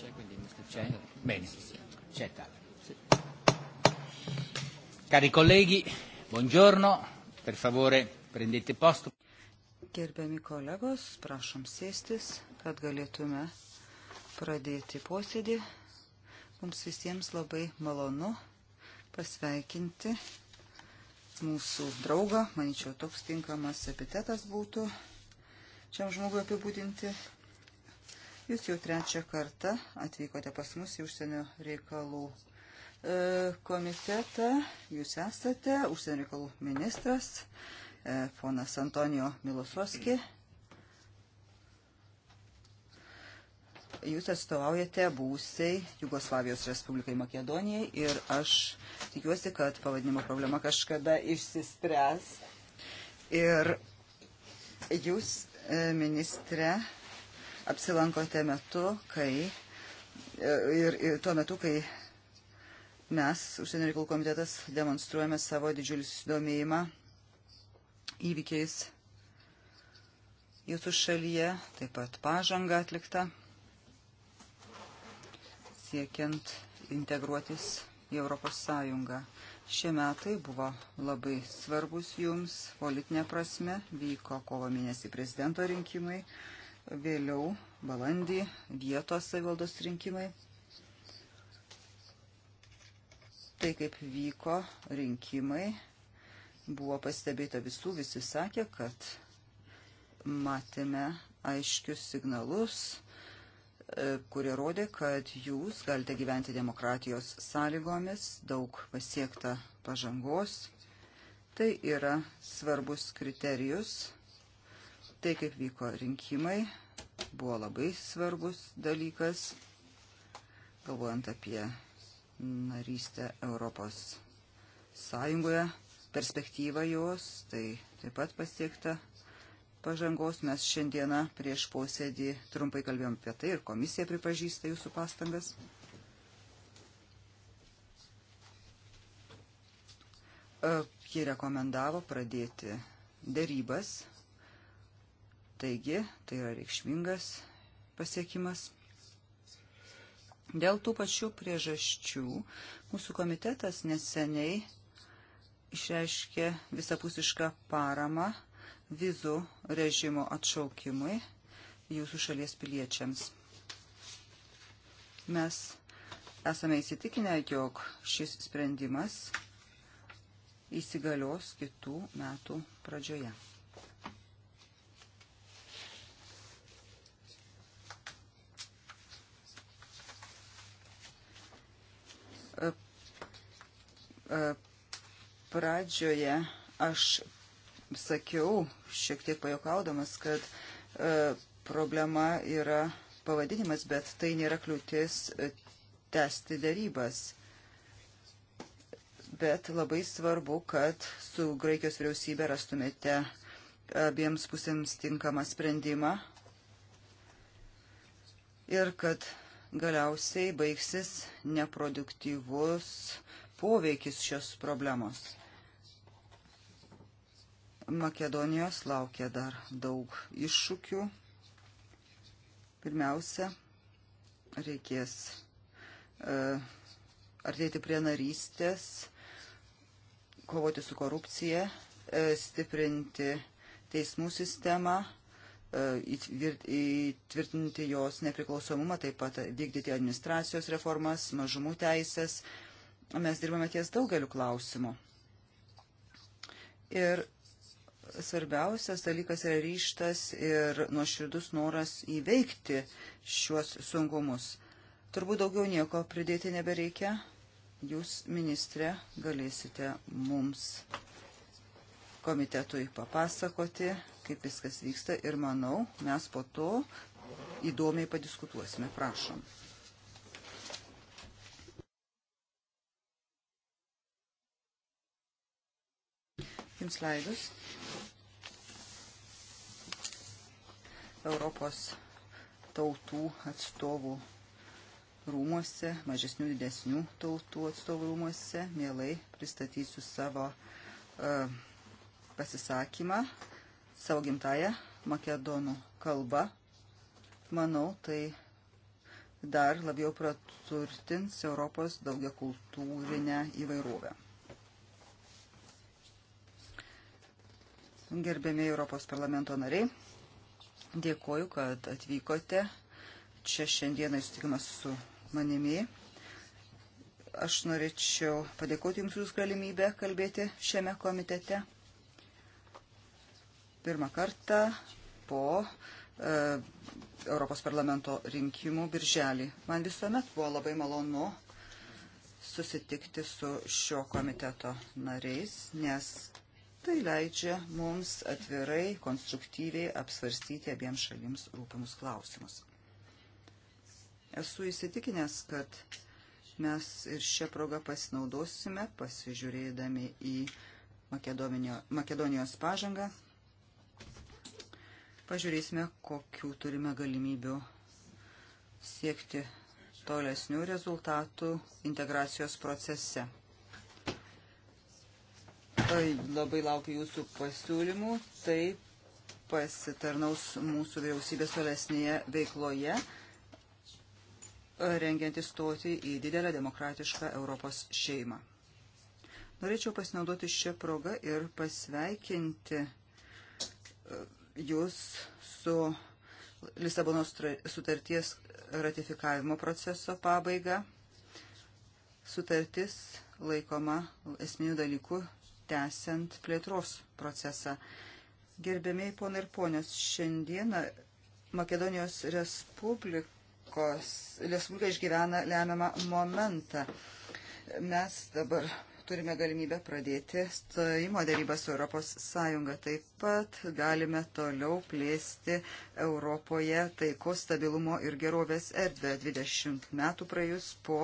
c'è, quindi Mr. C'è? Bene, c'è tale. Sì. Cari colleghi, buongiorno, per favore prendete posto. Gerbiami kolegos, prašom sėstis, kad galėtume pradėti posėdį. Mums visiems labai malonu pasveikinti mūsų draugą, manyčiau, toks tinkamas epitetas būtų šiam žmogui apibūdinti Jūs jau trečią kartą atvykote pas mus į užsienio reikalų e, komitetą. Jūs esate užsienio reikalų ministras, e, ponas Antonijo Milosovski. Jūs atstovaujate būsiai Jugoslavijos Respublikai Makedonijai ir aš tikiuosi, kad pavadinimo problema kažkada išsispręs. Ir jūs, e, ministre, apsilankote metu, kai e, ir, ir tuo metu, kai mes, užsienio reikalų komitetas, demonstruojame savo didžiulį susidomėjimą įvykiais jūsų šalyje, taip pat pažanga atlikta, siekiant integruotis į Europos Sąjungą. Šie metai buvo labai svarbus jums, politinė prasme, vyko kovo mėnesį prezidento rinkimai, vėliau balandį vietos savivaldos rinkimai. Tai kaip vyko rinkimai, buvo pastebėta visų, visi sakė, kad matėme aiškius signalus, e, kurie rodė, kad jūs galite gyventi demokratijos sąlygomis, daug pasiekta pažangos. Tai yra svarbus kriterijus tai, kaip vyko rinkimai, buvo labai svarbus dalykas, galvojant apie narystę Europos Sąjungoje, perspektyvą jos, tai taip pat pasiekta pažangos. Mes šiandieną prieš posėdį trumpai kalbėjom apie tai ir komisija pripažįsta jūsų pastangas. Ji rekomendavo pradėti darybas Taigi, tai yra reikšmingas pasiekimas. Dėl tų pačių priežasčių mūsų komitetas neseniai išreiškė visapusišką paramą vizų režimo atšaukimui jūsų šalies piliečiams. Mes esame įsitikinę, jog šis sprendimas įsigalios kitų metų pradžioje. E, pradžioje aš sakiau, šiek tiek pajokaudamas, kad e, problema yra pavadinimas, bet tai nėra kliūtis e, tęsti darybas. Bet labai svarbu, kad su Graikijos vyriausybė rastumėte abiems pusėms tinkamą sprendimą ir kad galiausiai baigsis neproduktyvus poveikis šios problemos. Makedonijos laukia dar daug iššūkių. Pirmiausia, reikės uh, artėti prie narystės, kovoti su korupcija, uh, stiprinti teismų sistemą, e, įtvirtinti jos nepriklausomumą, taip pat vykdyti administracijos reformas, mažumų teisės, uh, Mes dirbame ties daugeliu klausimų. Ir svarbiausias dalykas yra ryštas ir nuoširdus noras įveikti šiuos sunkumus. Turbūt daugiau nieko pridėti nebereikia. Jūs, ministrė, galėsite mums komitetui papasakoti, kaip viskas vyksta ir manau, mes po to įdomiai padiskutuosime. Prašom. jums leidus. Europos tautų atstovų rūmose, mažesnių didesnių tautų atstovų rūmose, mielai pristatysiu savo uh, pasisakymą, savo gimtają makedonų kalbą. Manau, tai dar labiau praturtins Europos daugiakultūrinę įvairovę. Gerbėmiai Europos parlamento nariai, dėkoju, kad atvykote čia šiandieną įsitikimas su manimi. Aš norėčiau padėkoti Jums už galimybę kalbėti šiame komitete. Pirmą kartą po e, Europos parlamento rinkimų birželį. Man visuomet buvo labai malonu susitikti su šio komiteto nariais, nes Tai leidžia mums atvirai, konstruktyviai apsvarstyti abiems šalims rūpimus klausimus. Esu įsitikinęs, kad mes ir šią progą pasinaudosime, pasižiūrėdami į Makedonijos pažangą. Pažiūrėsime, kokių turime galimybių siekti tolesnių rezultatų integracijos procese. Labai laukiu jūsų pasiūlymų. Tai pasitarnaus mūsų vyriausybės tolesnėje veikloje, rengiantis stoti į didelę demokratišką Europos šeimą. Norėčiau pasinaudoti šią progą ir pasveikinti e, jūs su Lisabonos sutarties ratifikavimo proceso pabaiga. Sutartis laikoma esminių dalykų tęsiant plėtros procesą. Gerbėmiai ponai ir ponios, šiandieną Makedonijos Respublikos, Respublika išgyvena lemiamą momentą. Mes dabar turime galimybę pradėti stojimo darybą su Europos Sąjunga. Taip pat galime toliau plėsti Europoje taiko stabilumo ir gerovės erdvę 20 metų praėjus po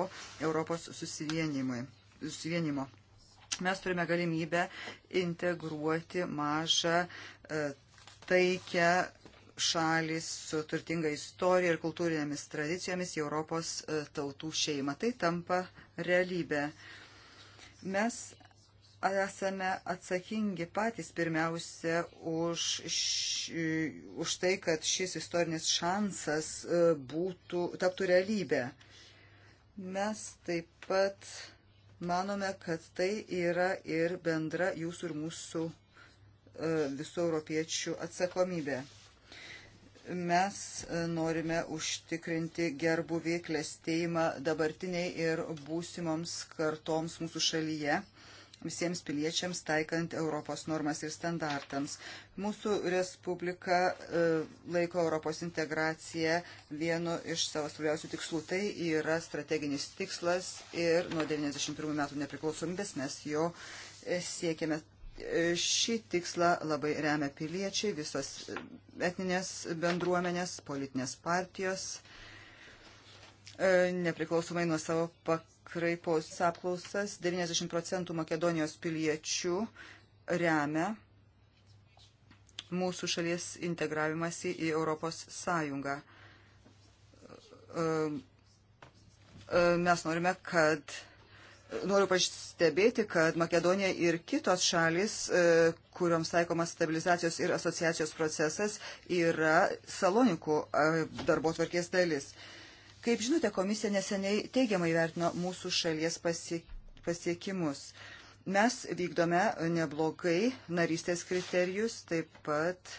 Europos susivienimo mes turime galimybę integruoti mažą e, taikę šalis su turtinga istorija ir kultūrinėmis tradicijomis į Europos e, tautų šeimą. Tai tampa realybė. Mes esame atsakingi patys pirmiausia už, š, už tai, kad šis istorinis šansas e, būtų, taptų realybė. Mes taip pat Manome, kad tai yra ir bendra jūsų ir mūsų e, visų europiečių atsakomybė. Mes e, norime užtikrinti gerbuvį klėstėjimą dabartiniai ir būsimoms kartoms mūsų šalyje visiems piliečiams taikant Europos normas ir standartams. Mūsų Respublika e, laiko Europos integraciją vienu iš savo svarbiausių tikslų. Tai yra strateginis tikslas ir nuo 1991 metų nepriklausomybės mes jo e, siekiame e, Šį tikslą labai remia piliečiai, visos etninės bendruomenės, politinės partijos, nepriklausomai nuo savo pak kraipos apklausas 90 procentų Makedonijos piliečių remia mūsų šalies integravimasi į Europos Sąjungą. E, e, mes norime, kad Noriu pastebėti, kad Makedonija ir kitos šalis, e, kuriuoms taikomas stabilizacijos ir asociacijos procesas, yra Salonikų darbo tvarkės dalis. Kaip žinote, komisija neseniai teigiamai vertino mūsų šalies pasiekimus. Mes vykdome neblogai narystės kriterijus, taip pat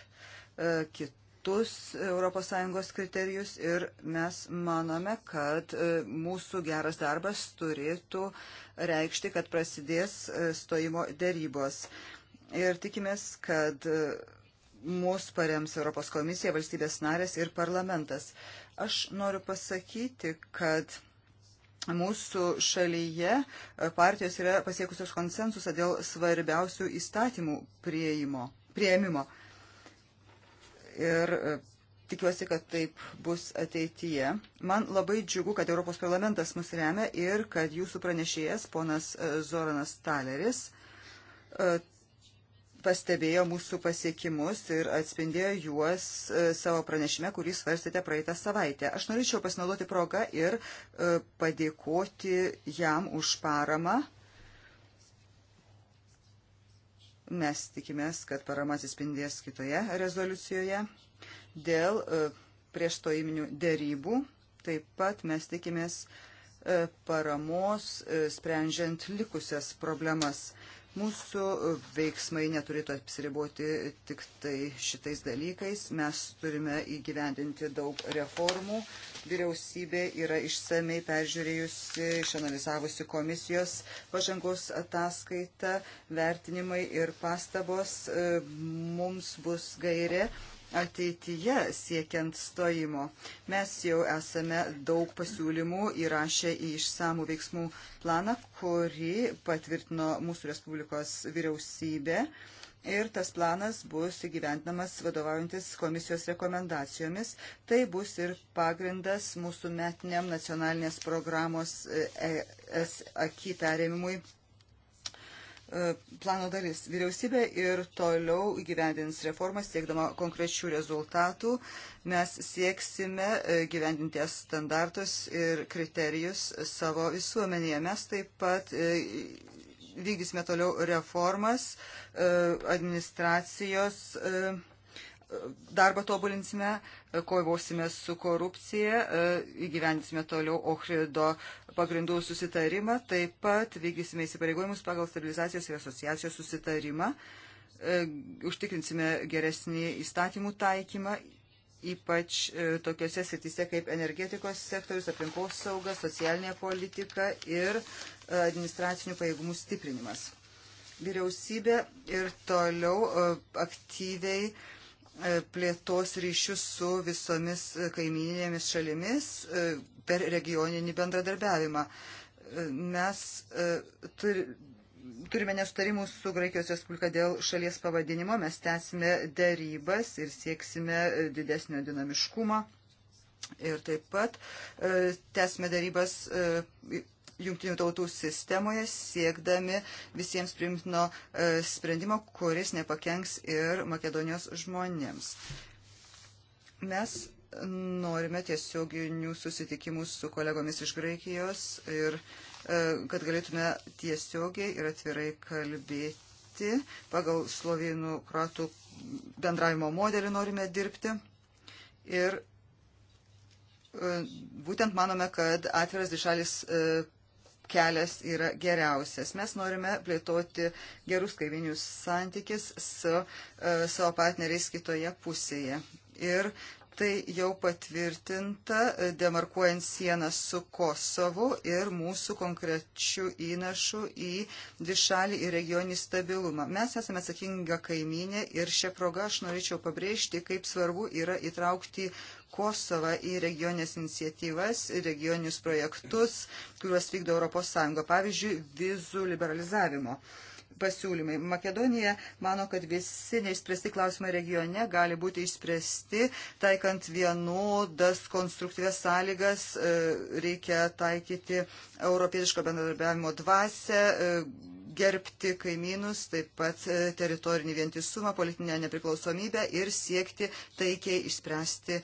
e, kitus kitus ES kriterijus ir mes manome, kad e, mūsų geras darbas turėtų reikšti, kad prasidės e, stojimo dėrybos. Ir tikimės, kad e, mūsų parems Europos komisija, valstybės narės ir parlamentas. Aš noriu pasakyti, kad mūsų šalyje e, partijos yra pasiekusios konsensusą dėl svarbiausių įstatymų prieimo, prieimimo. Ir e, tikiuosi, kad taip bus ateityje. Man labai džiugu, kad Europos parlamentas mus remia ir kad jūsų pranešėjas, ponas e, Zoranas Taleris, pastebėjo mūsų pasiekimus ir atspindėjo juos e, savo pranešime, kurį svarstėte praeitą savaitę. Aš norėčiau pasinaudoti progą ir e, padėkoti jam už paramą. Mes tikimės, kad parama atsispindės kitoje rezoliucijoje dėl e, prieštoiminių dėrybų. Taip pat mes tikimės paramos sprendžiant likusias problemas. Mūsų e, veiksmai neturėtų apsiriboti tik tai šitais dalykais. Mes turime įgyvendinti daug reformų. Vyriausybė yra išsamei peržiūrėjusi, išanalizavusi komisijos pažangos ataskaitą, vertinimai ir pastabos e, mums bus gairė ateityje siekiant stojimo. Mes jau esame daug pasiūlymų įrašę į išsamų veiksmų planą, kurį patvirtino mūsų Respublikos vyriausybė. Ir tas planas bus įgyventinamas vadovaujantis komisijos rekomendacijomis. Tai bus ir pagrindas mūsų metiniam nacionalinės programos e, e, ES akį perėmimui E, plano dalis. Vyriausybė ir toliau gyvendins reformas, siekdama konkrečių rezultatų. Mes sieksime e, gyvendinti standartus ir kriterijus savo visuomenėje. Mes taip pat e, vykdysime toliau reformas administracijos darbą tobulinsime, e, kovosime su korupcija, e, įgyvendysime toliau Ohrido pagrindų susitarimą, taip pat vykdysime įsipareigojimus pagal stabilizacijos ir asociacijos susitarimą, e, užtikrinsime geresnį įstatymų taikymą, ypač tokiuose srityse kaip energetikos sektorius, aplinkos sauga, socialinė politika ir administracinių pajėgumų stiprinimas. Vyriausybė ir toliau aktyviai uh, E, plėtos ryšius su visomis e, kaimininėmis šalimis e, per regioninį bendradarbiavimą. Mes turime nesutarimų su Graikijos Respublika dėl šalies pavadinimo, mes tęsime dėrybas ir sieksime didesnio dinamiškumo. Ir taip pat tęsime dėrybas jungtinių tautų sistemoje, siekdami visiems primtino e, sprendimo, kuris nepakenks ir Makedonijos žmonėms. Mes norime tiesioginių susitikimų su kolegomis iš Graikijos ir e, kad galėtume tiesiogiai ir atvirai kalbėti. Pagal slovėnų kratų bendravimo modelį norime dirbti. Ir e, būtent manome, kad atviras dišalis kelias yra geriausias. Mes norime plėtoti gerus kaivinius santykis su e, savo partneriais kitoje pusėje. Ir Tai jau patvirtinta, demarkuojant sieną su Kosovu ir mūsų konkrečių įnašų į dvišalį ir regioninį stabilumą. Mes esame atsakinga kaiminė ir šią progą aš norėčiau pabrėžti, kaip svarbu yra įtraukti Kosovą į regionės iniciatyvas, regioninius projektus, kuriuos vykdo ES, pavyzdžiui, vizų liberalizavimo pasiūlymai. Makedonija mano, kad visi neišspręsti klausimai regione gali būti išspręsti, taikant vienodas konstruktyvės sąlygas, e, reikia taikyti europietiško bendradarbiavimo dvasę, e, gerbti kaimynus, taip pat e, teritorinį vientisumą, politinę nepriklausomybę ir siekti taikiai išspręsti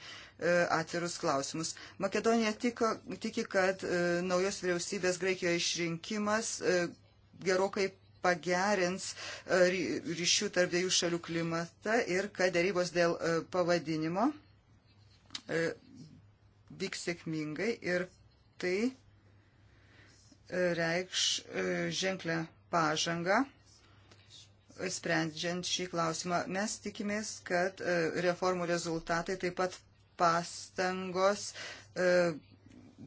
atvirus klausimus. Makedonija tiko, tiki, kad naujos vyriausybės Graikijoje išrinkimas gerokai pagerins e, ryšių tarp dviejų šalių klimatą ir kad dėrybos dėl e, pavadinimo e, vyks sėkmingai ir tai reikš ženklę pažangą sprendžiant šį klausimą. Mes tikimės, kad reformų rezultatai taip pat pastangos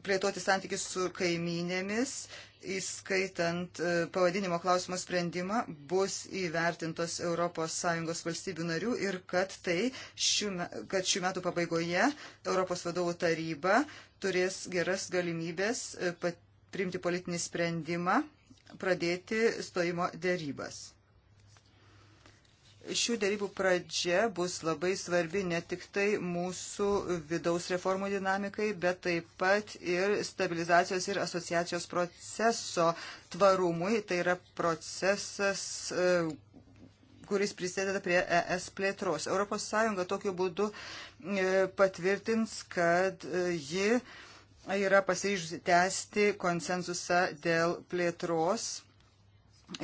plėtoti santykius su kaiminėmis įskaitant e, pavadinimo klausimo sprendimą, bus įvertintos ES valstybių narių ir kad, tai šių, kad šių metų pabaigoje ES vadovų taryba turės geras galimybės e, priimti politinį sprendimą, pradėti stojimo dėrybas. Šių dėrybų pradžia bus labai svarbi ne tik tai mūsų vidaus reformų dinamikai, bet taip pat ir stabilizacijos ir asociacijos proceso tvarumui. Tai yra procesas, e, kuris prisideda prie ES plėtros. ES tokiu būdu e, patvirtins, kad e, ji yra pasiryžusi tęsti konsensusą dėl plėtros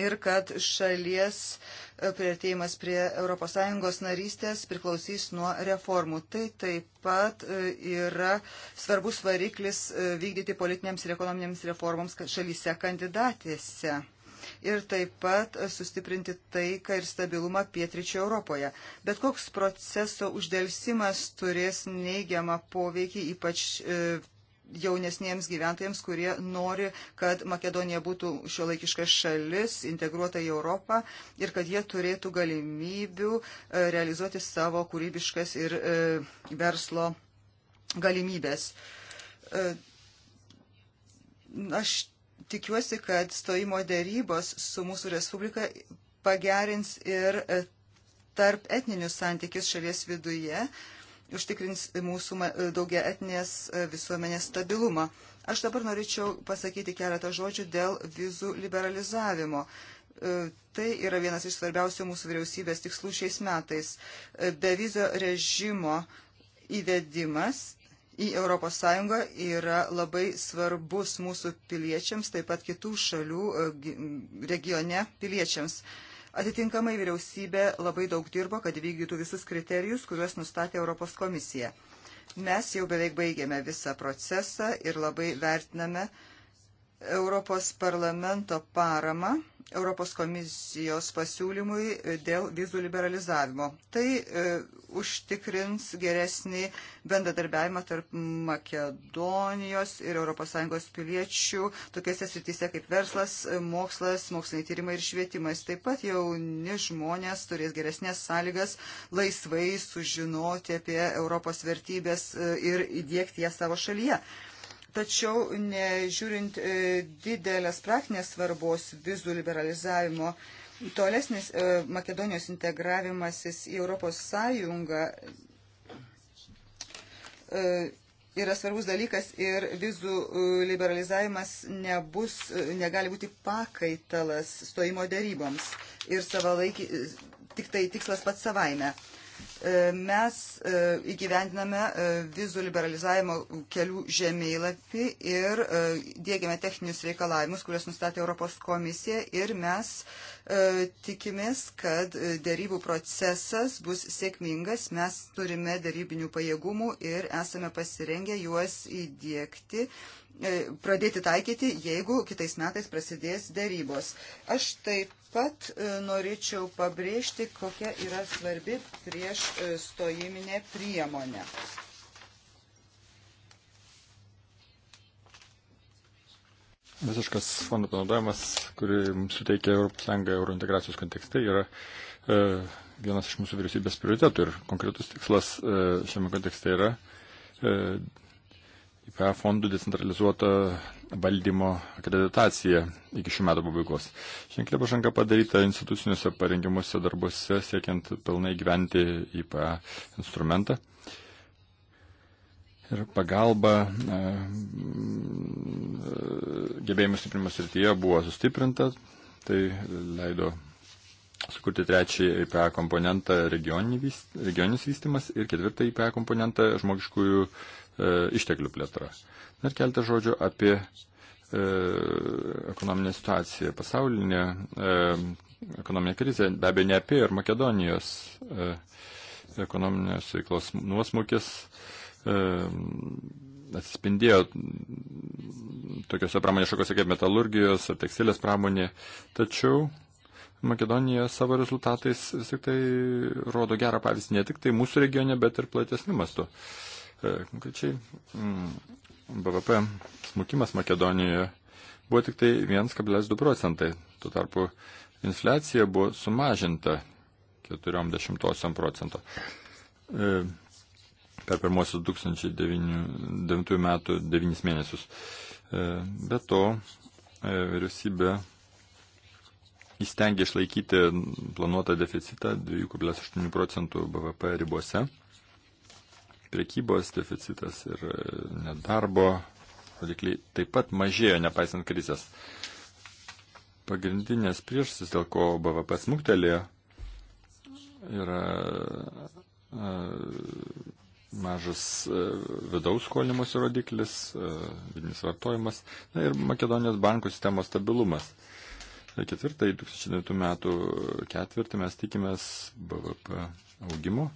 ir kad šalies e, prieartėjimas prie ES narystės priklausys nuo reformų. Tai taip pat e, yra svarbus variklis e, vykdyti politinėms ir ekonominėms reformoms šalyse kandidatėse. Ir taip pat sustiprinti taiką ir stabilumą pietričio Europoje. Bet koks proceso uždėlsimas turės neigiamą poveikį, ypač jaunesniems gyventojams, kurie nori, kad Makedonija būtų šiuolaikiška šalis, integruota į Europą ir kad jie turėtų galimybių e, realizuoti savo kūrybiškas ir e, verslo galimybės. E, aš tikiuosi, kad stojimo dėrybos su mūsų Respublika pagerins ir tarp etninius santykius šalies viduje. Uh, užtikrins mūsų e, daugia etinės e, visuomenės stabilumą. Aš dabar norėčiau pasakyti keletą žodžių dėl vizų liberalizavimo. E, tai yra vienas iš svarbiausių mūsų vyriausybės tikslų šiais metais. Be vizio režimo įvedimas į ES yra labai svarbus mūsų piliečiams, taip pat kitų šalių regione piliečiams. Atitinkamai vyriausybė labai daug dirbo, kad vykdytų visus kriterijus, kuriuos nustatė Europos komisija. Mes jau beveik baigėme visą procesą ir labai vertiname Europos parlamento paramą Europos komisijos pasiūlymui dėl vizų liberalizavimo. Tai e, užtikrins geresnį bendradarbiavimą tarp Makedonijos ir ES piliečių tokiuose srityse kaip verslas, mokslas, moksliniai tyrimai ir švietimas. Taip pat jauni žmonės turės geresnės sąlygas laisvai sužinoti apie Europos vertybės e, ir įdėkti ją savo šalyje. E, Tačiau, nežiūrint e, didelės praktinės svarbos vizų liberalizavimo, tolesnis e, Makedonijos integravimasis į Europos Sąjungą e, yra svarbus dalykas ir vizų liberalizavimas nebus, negali būti pakaitalas stojimo deryboms ir savalaikį, tik tai tikslas pats savaime. E, mes e, įgyvendiname e, vizų liberalizavimo kelių žemėlapį ir dėgiame techninius reikalavimus, kuriuos nustatė Europos komisija ir mes tikimės, kad dėrybų procesas bus sėkmingas. Mes turime dėrybinių pajėgumų ir esame pasirengę juos įdėkti pradėti taikyti, jeigu kitais metais prasidės dėrybos. Aš taip pat e, norėčiau pabrėžti, kokia yra svarbi prieš e, stojiminė priemonė. Visiškas fondų panaudojimas, kurį mums suteikia ES eurointegracijos kontekste, yra e, vienas iš mūsų vyriausybės prioritetų ir konkretus tikslas e, šiame kontekste yra e, IPA fondų decentralizuota valdymo akreditaciją iki šių metų pabaigos. Ženklė pažanga padaryta instituciniuose parengimuose darbuose, siekiant pilnai gyventi IPA instrumentą. Ir pagalba e, e gebėjimų stiprimo srityje buvo sustiprinta, tai leido sukurti trečiąjį IPA komponentą regioninis vystimas ir ketvirtą IPA komponentą žmogiškųjų E, išteklių plėtra. Dar keltą žodžių apie e, ekonominė situacija, pasaulinė e, ekonominė krizė, be abejo ne apie ir Makedonijos e, ekonominės veiklos nuosmukis e, atsispindėjo tokiuose pramonės šakose kaip metalurgijos ar tekstilės pramonė, tačiau Makedonija savo rezultatais vis tik tai rodo gerą pavyzdį ne tik tai mūsų regione, bet ir platesniu mastu. E, E, konkrečiai mm, BVP smukimas Makedonijoje buvo tik tai 1,2 procentai. Tuo tarpu infliacija buvo sumažinta 40 procento. E, per pirmosius 2009 metų 9 mėnesius. E, be to, vyriausybė įstengė išlaikyti planuotą deficitą 2,8 procentų BVP ribose priekybos deficitas ir e, nedarbo rodikliai taip pat mažėjo, nepaisant krizės. Pagrindinės priežastis, dėl ko BVP smuktelėjo, yra e, mažas e, vidaus skolimosi rodiklis, vidinis vartojimas na, ir Makedonijos bankų sistemos stabilumas. Ketvirtai, 2009 metų ketvirtį mes tikimės BVP augimo.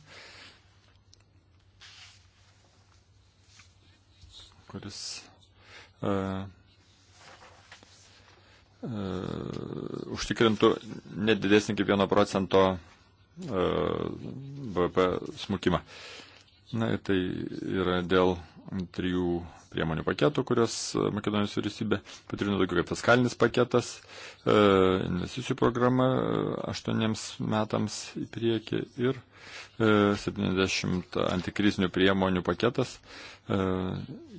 kuris e, e, užtikrintų nedidesnį kaip 1 procento e, BVP smukimą. Na ir tai yra dėl trijų priemonių paketų, kurios Makedonijos vyriausybė patvirtino tokių kaip fiskalinis paketas, e, investicijų programa e, aštuoniems metams į priekį ir 70 e, antikrizinių priemonių paketas,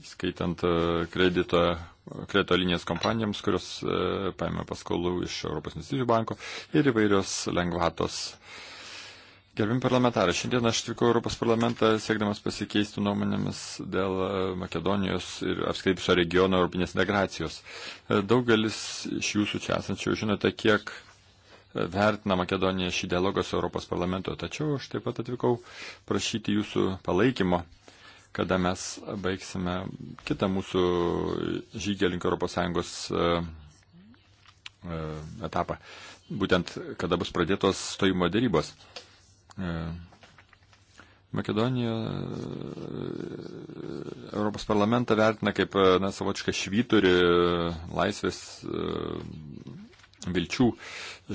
skaitant kredito, kredito linijas kompanijoms, kurios paėmė paskolų iš Europos investicijų banko ir įvairios lengvatos Gerbim parlamentarą, šiandien aš atvykau Europos parlamentą siekdamas pasikeisti nuomonėmis dėl e, Makedonijos ir apskaitai šio regiono europinės integracijos. E, daugelis iš jūsų čia esančių žinote, kiek e, vertina Makedonija šį dialogą su Europos parlamentu, tačiau aš taip pat atvykau prašyti jūsų palaikymo kada mes baigsime kitą mūsų žygį link ES etapą, būtent kada bus pradėtos stojimo dėrybos. E, Makedonija e, Europos parlamentą vertina kaip e, na, savotišką švyturį laisvės vilčių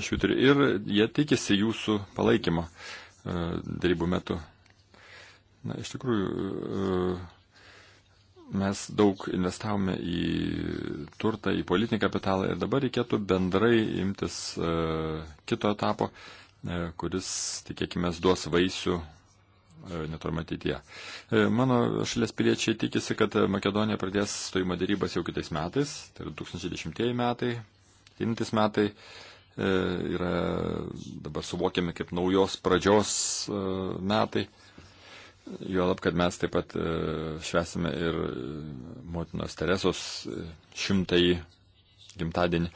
švyturį ir jie tikisi jūsų palaikymo darybų metu. Na, iš tikrųjų, mes daug investavome į turtą, į politinį kapitalą ir dabar reikėtų bendrai imtis kito etapo E, kuris, tikėkime, duos vaisių e, netorma ateityje. E, mano šalies piliečiai tikisi, kad Makedonija pradės stojimo darybas jau kitais metais, tai yra 2010 metai, 2009 metai yra dabar suvokiami kaip naujos pradžios metai. Juolab, kad mes taip pat švesime ir motinos Teresos šimtąjį gimtadienį.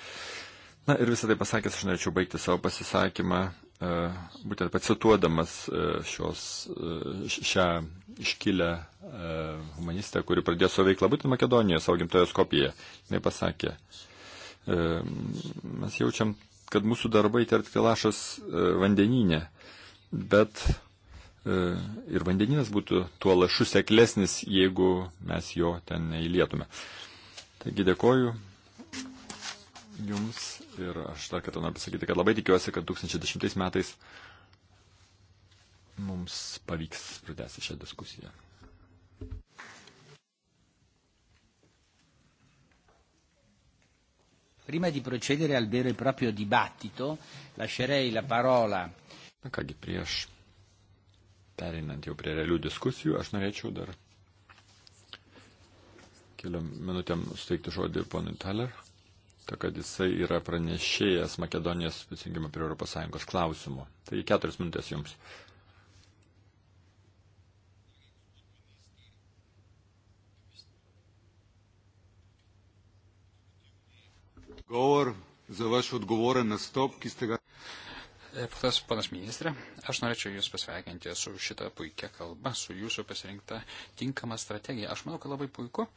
Na ir visą tai pasakęs, aš norėčiau baigti savo pasisakymą E, būtent pacituodamas e, šios, e, šią iškilę humanistę, kuri pradėjo savo veiklą būtent Makedonijoje, savo gimtojo Skopijoje, jinai pasakė, mes jaučiam, kad mūsų darbai tarti lašas vandeninė, bet ir vandeninas būtų tuo lašu seklesnis, jeigu mes jo ten neįlietume. Taigi dėkoju Jums ir aš dar kartą noriu pasakyti, kad labai tikiuosi, kad 2010 metais mums pavyks pradėti šią diskusiją. Prima di procedere al vero e proprio dibattito, lascerei la parola. Na kągi, prieš pereinant jau prie realių diskusijų, aš norėčiau dar keliom minutėm suteikti žodį ponui Taler to, kad jisai yra pranešėjas Makedonijos prisijungimo prie ES klausimų. Tai keturias minutės jums. Govor za vaš odgovoren nastop, ki ste ga. Panas, e, panas ministrė, aš norėčiau Jūs pasveikinti su šitą puikia kalba, su Jūsų pasirinkta tinkama strategija. Aš manau, kad labai puiku.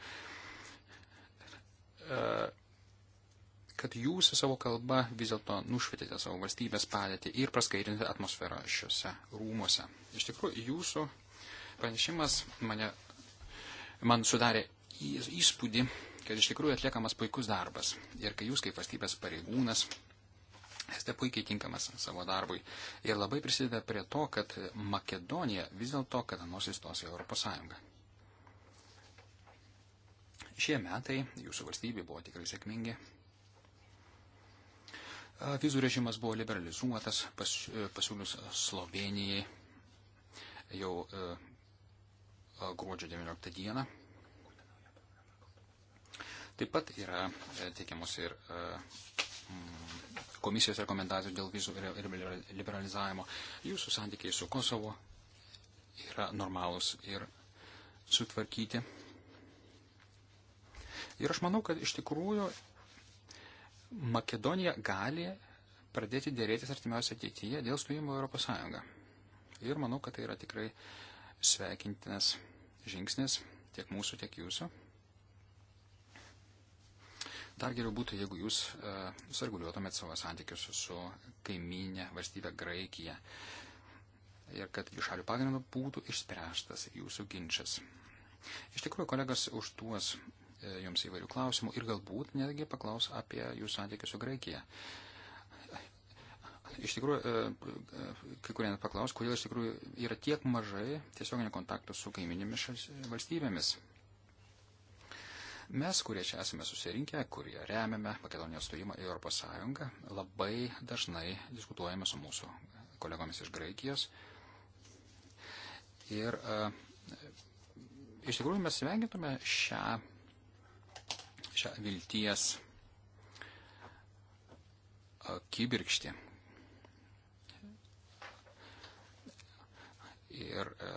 E kad jūs savo kalba vis dėlto nušvietėte savo valstybės padėtį ir praskaitinate atmosferą šiuose rūmuose. Iš tikrųjų, jūsų pranešimas mane, man sudarė įspūdį, kad iš tikrųjų atliekamas puikus darbas. Ir kai jūs kaip valstybės pareigūnas esate puikiai tinkamas savo darbui. Ir labai prisideda prie to, kad Makedonija vis dėlto kada nors įstos į Europos Sąjungą. Šie metai jūsų valstybė buvo tikrai sėkmingi. Vizų režimas buvo liberalizuotas, pas, e, pasiūlius Slovenijai jau e, gruodžio 19 dieną. Taip pat yra e, teikiamos ir komisijos rekomendacijos dėl vizų liberalizavimo. Jūsų santykiai su Kosovo yra normalūs ir sutvarkyti. Ir aš manau, kad iš tikrųjų Makedonija gali pradėti dėrėtis artimiausia ateityje dėl stojimo Europos Sąjungą. Ir manau, kad tai yra tikrai sveikintinas žingsnis tiek mūsų, tiek jūsų. Dar geriau būtų, jeigu jūs uh, e, sarguliuotumėt savo santykius su kaiminė valstybė Graikija ir kad jų šalių pagrindų būtų išspręstas jūsų ginčas. Iš tikrųjų, kolegas, už tuos E, jums įvairių klausimų ir galbūt netgi paklaus apie jūsų santykius su Graikija. Iš tikrųjų, e, e, kai kurie net paklaus, kodėl iš tikrųjų yra tiek mažai tiesioginio kontakto su kaiminėmis valstybėmis. Mes, kurie čia esame susirinkę, kurie remiame Makedonijos stojimą į Europos Sąjungą, labai dažnai diskutuojame su mūsų kolegomis iš Graikijos. Ir e, iš tikrųjų mes svengintume šią čia vilties kibirkšti. Ir, e,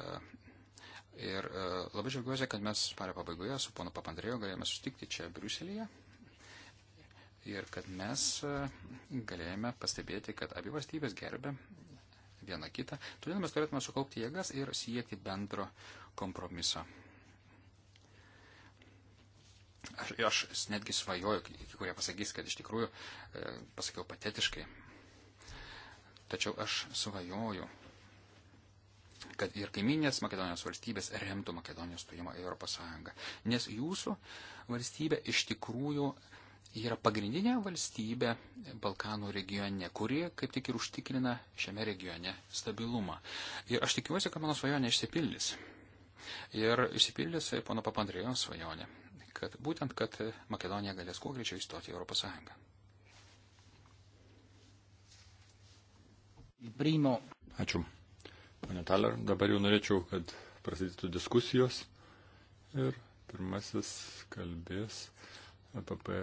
ir e, labai džiaugiuosi, kad mes spalio pabaigoje su ponu Papandrėjo galėjome susitikti čia Briuselėje. Ir kad mes e, galėjome pastebėti, kad abi valstybės gerbė viena kitą. Todėl mes turėtume sukaupti jėgas ir siekti bendro kompromiso. Aš, aš netgi svajoju, kai kurie pasakys, kad iš tikrųjų e, pasakiau patetiškai. Tačiau aš svajoju, kad ir kaiminės Makedonijos valstybės remtų Makedonijos stojimą į Europos Sąjungą. Nes jūsų valstybė iš tikrųjų yra pagrindinė valstybė Balkanų regione, kuri kaip tik ir užtikrina šiame regione stabilumą. Ir aš tikiuosi, kad mano svajonė išsipildys. Ir išsipildys pono Papandrėjo svajonė kad būtent, kad Makedonija galės kuo greičiau įstoti į Europos Sąjungą. Primo. Ačiū. Pane Taler, dabar jau norėčiau, kad prasidėtų diskusijos. Ir pirmasis kalbės APP e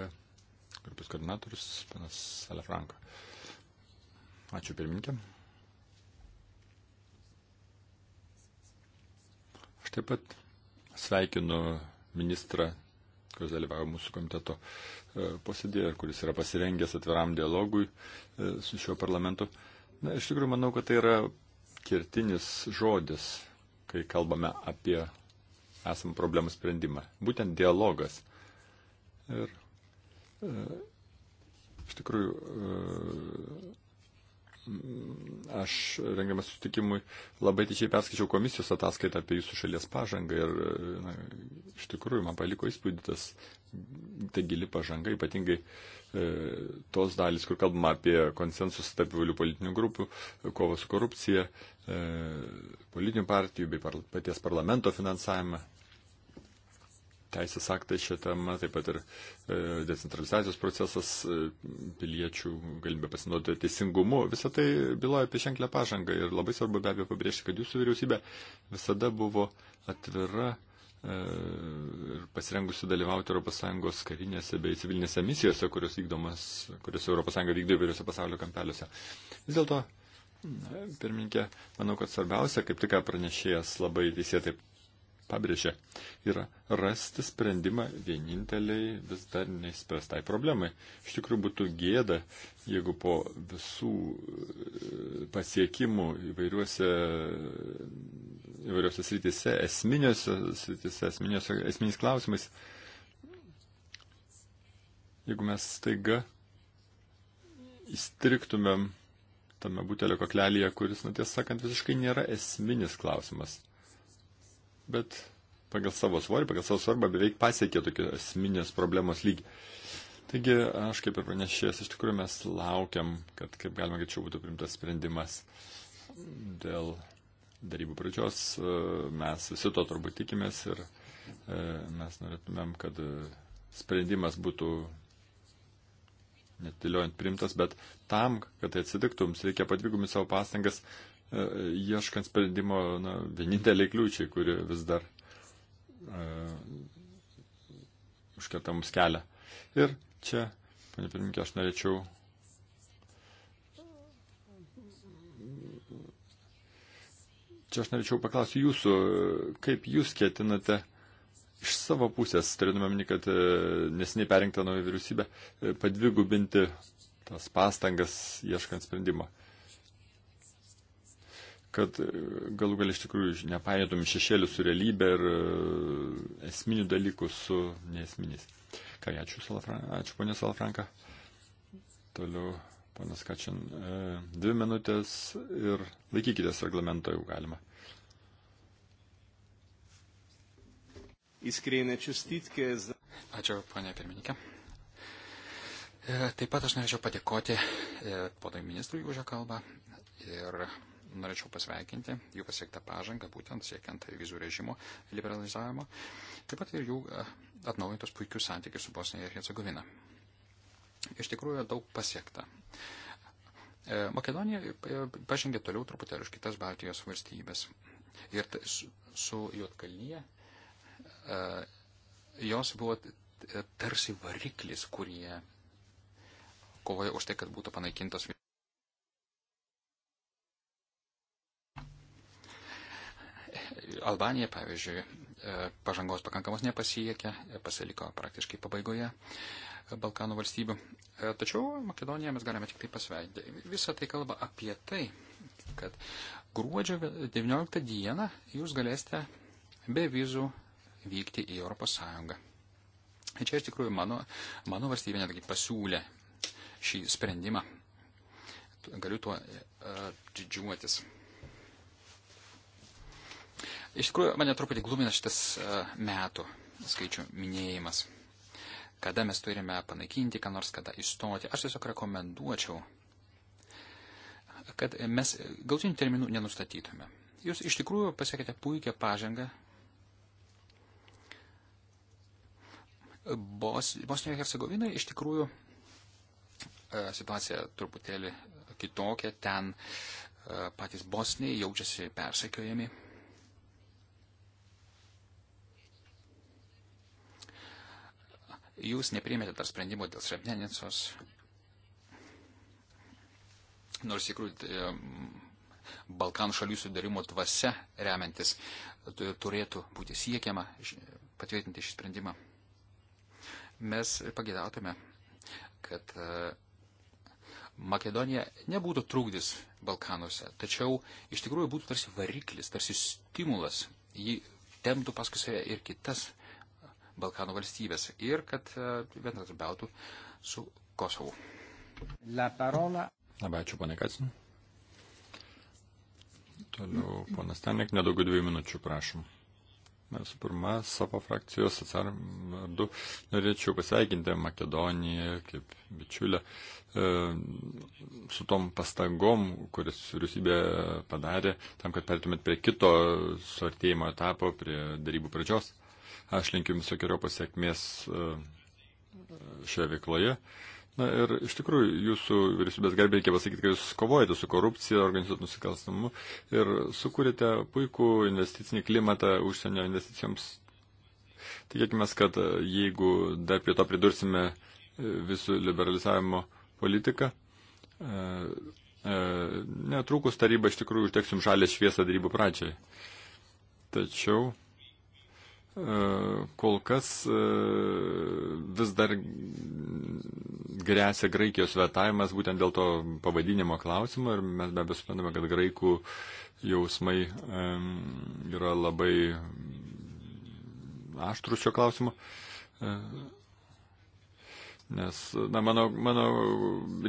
grupės koordinatorius, panas Alefranka. Ačiū pirmininkė. Aš taip pat sveikinu ministrą kuris dalyvavo mūsų komiteto e, posėdėje ir kuris yra pasirengęs atviram dialogui e, su šiuo parlamentu. Na, iš tikrųjų, manau, kad tai yra kertinis žodis, kai kalbame apie esamą problemų sprendimą. Būtent dialogas. Ir e, iš tikrųjų, e, Aš rengiamas sustikimui labai tyčiai perskaičiau komisijos ataskaitą apie jūsų šalies pažangą ir na, iš tikrųjų man paliko įspūdytas ta gili pažanga, ypatingai e, tos dalis, kur kalbama apie konsensus tarp įvairių politinių grupių, kovą su korupcija, e, politinių partijų bei par, paties parlamento finansavimą teisės aktai šią temą, taip pat ir e, decentralizacijos procesas, e, piliečių galimybė pasinaudoti teisingumu. Visą tai byloja apie ženklę pažangą ir labai svarbu be abejo pabrėžti, kad jūsų vyriausybė visada buvo atvira e, ir pasirengusi dalyvauti ES karinėse bei civilinėse misijose, kurios vykdomas, kurios ES vykdo įvairiose pasaulio kampeliuose. Vis dėlto Pirminkė, manau, kad svarbiausia, kaip tik pranešėjas labai teisėtai pabrėžė, yra rasti sprendimą vieninteliai vis dar neįspręstai problemai. Iš tikrųjų būtų gėda, jeigu po visų e, pasiekimų įvairiuose, įvairiuose srityse, esminiuose srityse, esminiuose, esminiais klausimais, jeigu mes staiga įstriktumėm tame butelio koklelyje, kuris, na tiesą sakant, visiškai nėra esminis klausimas bet pagal savo svorį, pagal savo svarbą beveik pasiekė tokį esminės problemos lygį. Taigi, aš kaip ir pranešėjęs, iš tikrųjų mes laukiam, kad kaip galima greičiau būtų primtas sprendimas dėl darybų pradžios. Mes visi to turbūt tikimės ir e, mes norėtumėm, kad e, sprendimas būtų netiliojant primtas, bet tam, kad tai atsitiktų, mums reikia padvigumi savo pastangas E, ieškant sprendimo na, vieninteliai kliūčiai, kuri vis dar uh, užkerta mums kelią. Ir čia, panė pirminkė, aš norėčiau čia aš norėčiau paklausti jūsų, kaip jūs ketinate iš savo pusės, turėdami omeny, kad e, nesiniai perinkta nauja vyriausybė, padvigubinti tas pastangas ieškant sprendimo kad e, galų gal iš tikrųjų nepaėtum šešėlių su realybė ir e, esminių dalykų su nesminiais. Ką, ačiū, Salafranka. ačiū ponė Salafranka. Toliau, ponas Kačin, e, dvi minutės ir laikykitės reglamento, jeigu galima. Iskrėnė čiustytkė. Ačiū, ponė pirmininkė. Taip pat aš norėčiau padėkoti ponui ministrui už jo kalbą ir norėčiau pasveikinti jų pasiektą pažangą, būtent siekiant vizų režimo liberalizavimo, taip pat ir jų e, atnaujintos puikius santykius su Bosnija ir Hercegovina. Iš tikrųjų, daug pasiekta. E, Makedonija e, pažengė toliau truputėlį už kitas Baltijos valstybės. Ir su Juotkalnyje jos buvo tarsi variklis, kurie kovoja už tai, kad būtų panaikintos. Albanija, pavyzdžiui, e, pažangos pakankamos nepasiekė, e, pasiliko praktiškai pabaigoje e, Balkanų valstybių. Tačiau Makedoniją mes galime tik tai pasveikinti. Visą tai kalba apie tai, kad gruodžio 19 dieną jūs galėsite be vizų vykti į ES. Ir čia iš tikrųjų mano, mano valstybė netgi pasiūlė šį sprendimą. Galiu tuo uh, didžiuotis. Iš tikrųjų, mane truputį glumina šitas e, metų skaičių minėjimas. Kada mes turime panaikinti, ką nors kada įstoti. Aš tiesiog rekomenduočiau, kad mes galtinių terminų nenustatytume. Jūs iš tikrųjų pasiekite puikią pažangą Bos, Bosnijoje Hercegovinoje iš tikrųjų e, situacija truputėlį kitokia. Ten e, patys Bosniai jaučiasi persekiojami. Jūs neprimėte dar sprendimo dėl Srebrenicos, nors tikrųjų e, Balkanų šalių sudarimo dvasia remiantis turėtų būti siekiama patvirtinti šį sprendimą. Mes pagėdautume, kad e, Makedonija nebūtų trūkdis Balkanuose, tačiau iš tikrųjų būtų tarsi variklis, tarsi stimulas, jį temtų paskui save ir kitas Balkanų valstybės ir kad e, bendradarbiautų su Kosovu. La parola. Labai ačiū, ponė Kacin. Toliau, ponas Tanek, nedaugiau dviejų minučių, prašom. Mes pirma, savo frakcijos atsardu norėčiau pasveikinti Makedoniją kaip bičiulę e, su tom pastangom, kuris vyriausybė padarė tam, kad pertumėt prie kito suartėjimo etapo, prie darybų pradžios. Aš linkiu jums tokio pasiekmės e, šioje veikloje. Na ir iš tikrųjų, jūsų vyriausybės garbė reikia pasakyti, kad jūs kovojate su korupcija, organizuotų nusikalstamumu ir sukūrėte puikų investicinį klimatą užsienio investicijoms. Tikėkime, kad jeigu dar prie to pridursime e, visų liberalizavimo politiką, e, netrukus taryba iš tikrųjų užteks jums žalę šviesą darybų pradžiai. Tačiau kol kas e, vis dar grėsia Graikijos vetavimas būtent dėl to pavadinimo klausimo ir mes be abejo suprantame, kad graikų jausmai yra labai aštrus šio klausimo. E, nes, na, mano, mano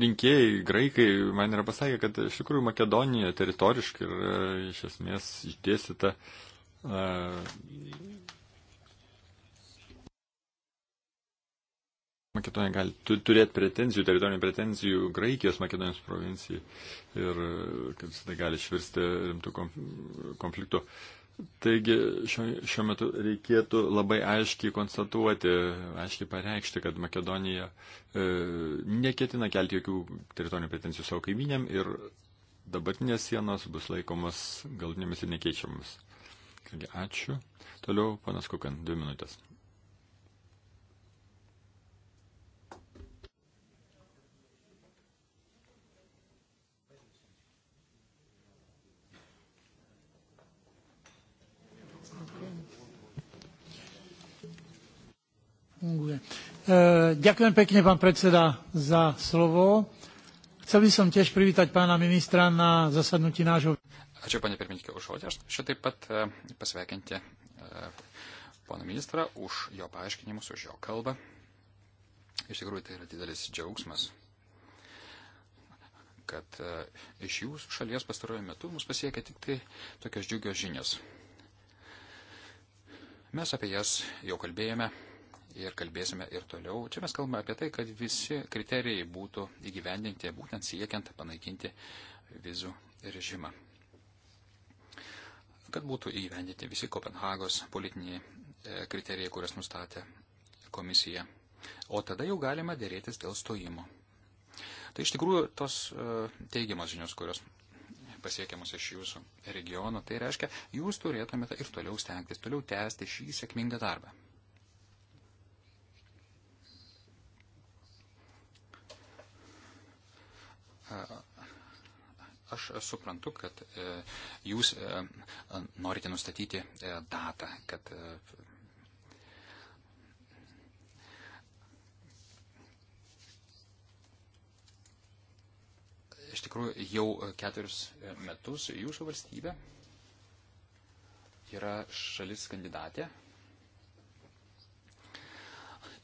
rinkėjai, graikai, man yra pasakę, kad iš tikrųjų Makedonija teritoriškai yra e, iš esmės išdėstyta Makedonija gali turėti pretenzijų, teritorinių pretenzijų Graikijos Makedonijos provincijai ir e, kaip visada gali išvirsti rimtų konfliktų. Taigi šiuo, šiuo metu reikėtų labai aiškiai konstatuoti, aiškiai pareikšti, kad Makedonija e, neketina kelti jokių teritorinių pretenzijų savo kaiminėm ir dabartinės sienos bus laikomas galutinėmis ir nekeičiamas. Taigi ačiū. Toliau panas Kukan, dvi minutės. funguje. E, ďakujem pekne, pán predseda, za slovo. Chcel by som tiež privítať pána ministra na zasadnutí nášho. Ačiū, panė pirmininkė, už žodį. Aš čia taip pat e, pasveikinti e, poną ministrą už jo paaiškinimus, už jo kalbą. Iš tikrųjų, tai yra didelis džiaugsmas, kad e, iš jūsų šalies pastaruoju metu mus pasiekia tik tai tokios džiugios žinios. Mes apie jas jau kalbėjome ir kalbėsime ir toliau. Čia mes kalbame apie tai, kad visi kriterijai būtų įgyvendinti būtent siekiant panaikinti vizų režimą. Kad būtų įgyvendinti visi Kopenhagos politiniai e, kriterijai, kurias nustatė komisija. O tada jau galima dėrėtis dėl stojimo. Tai iš tikrųjų tos e, teigiamos žinios, kurios pasiekiamus iš jūsų regiono. Tai reiškia, jūs turėtumėte ir toliau stengtis, toliau tęsti šį sėkmingą darbą. Aš suprantu, kad e, jūs e, norite nustatyti e, datą, kad iš tikrųjų jau keturis metus jūsų valstybė yra šalis kandidatė.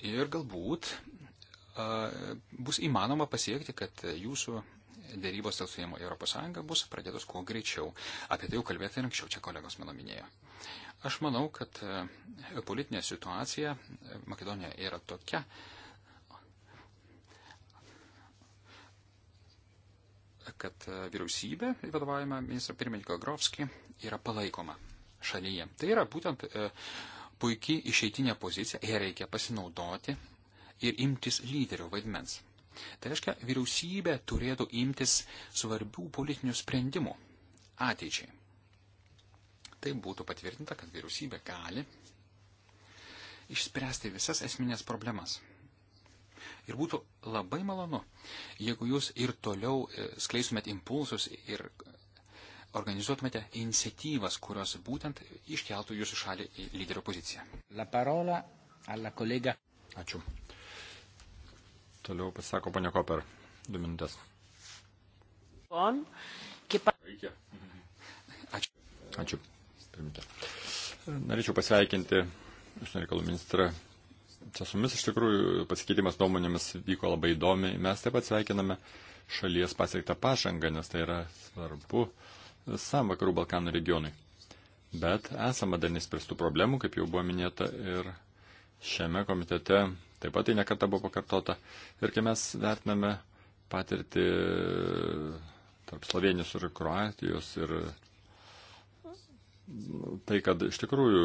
Ir galbūt bus įmanoma pasiekti, kad jūsų dėrybos dėl sujimo į ES bus pradėtos kuo greičiau. Apie tai jau kalbėti ir anksčiau čia kolegos mano minėjo. Aš manau, kad e, politinė situacija e, Makedonijoje yra tokia, kad e, vyriausybė, vadovaujama ministro pirmininko Grovski, yra palaikoma šalyje. Tai yra būtent puikiai išeitinė pozicija, ją reikia pasinaudoti ir imtis lyderio vaidmens. Tai reiškia, vyriausybė turėtų imtis svarbių politinių sprendimų ateičiai. Tai būtų patvirtinta, kad vyriausybė gali išspręsti visas esminės problemas. Ir būtų labai malonu, jeigu jūs ir toliau e, skleisumėt impulsus ir organizuotumėte iniciatyvas, kurios būtent iškeltų jūsų šalį į lyderio poziciją. La parola alla kolega. Ačiū. Toliau pasako ponia Koper. Du minutės. Ačiū. Ačiū. Pirmite. Norėčiau pasveikinti užsienio reikalų ministrą. Čia su mumis iš tikrųjų pasikeitimas nuomonėmis vyko labai įdomi. Mes taip pat sveikiname šalies pasiektą pažangą, nes tai yra svarbu visam vakarų Balkanų regionui. Bet esama dar nespręstų problemų, kaip jau buvo minėta, ir šiame komitete Taip pat tai nekarta buvo pakartota. Ir kai mes vertiname patirtį tarp Slovenijos ir Kroatijos ir nu, tai, kad iš tikrųjų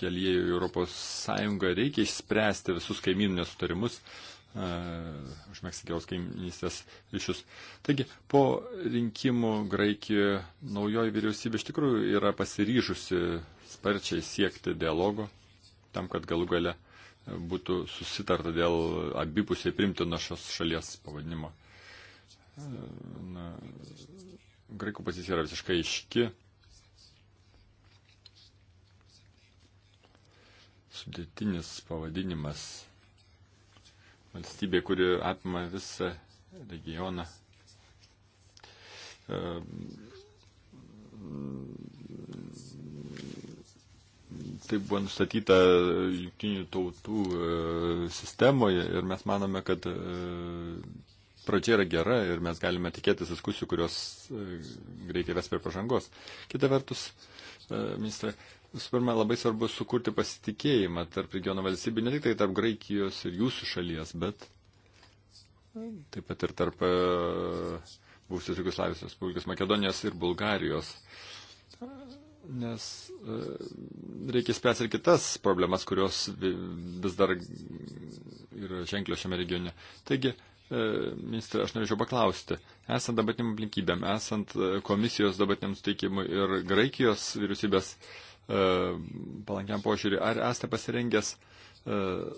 kelyje į Europos Sąjungą reikia išspręsti visus kaimynų nesutarimus, e, užmėgsti geros kaiminystės ryšius. Taigi, po rinkimų Graikijoje naujoji vyriausybė iš tikrųjų yra pasiryžusi sparčiai siekti dialogo, tam, kad galų gale būtų susitarta dėl abipusiai primtino šios šalies pavadinimo. Na, graikų pozicija yra visiškai iški. Sudėtinis pavadinimas valstybė, kuri apima visą regioną. E, tai buvo nustatyta jungtinių tautų e, sistemoje ir mes manome, kad e, pradžia yra gera ir mes galime tikėtis diskusijų, kurios e, greitai ves prie pažangos. Kita vertus, ministrė, visų pirma, labai svarbu sukurti pasitikėjimą tarp regiono valstybių, ne tik tai tarp Graikijos ir jūsų šalies, bet taip pat ir tarp buvusios Jugoslavijos Respublikos, Makedonijos ir Bulgarijos nes e, reikia spręsti ir kitas problemas, kurios vis dar yra ženklio šiame regione. Taigi, e, ministrė, aš norėčiau paklausti, esant dabartiniam aplinkybėm, esant e, komisijos dabartiniam suteikimui ir Graikijos vyriausybės palankiam požiūrį, ar esate pasirengęs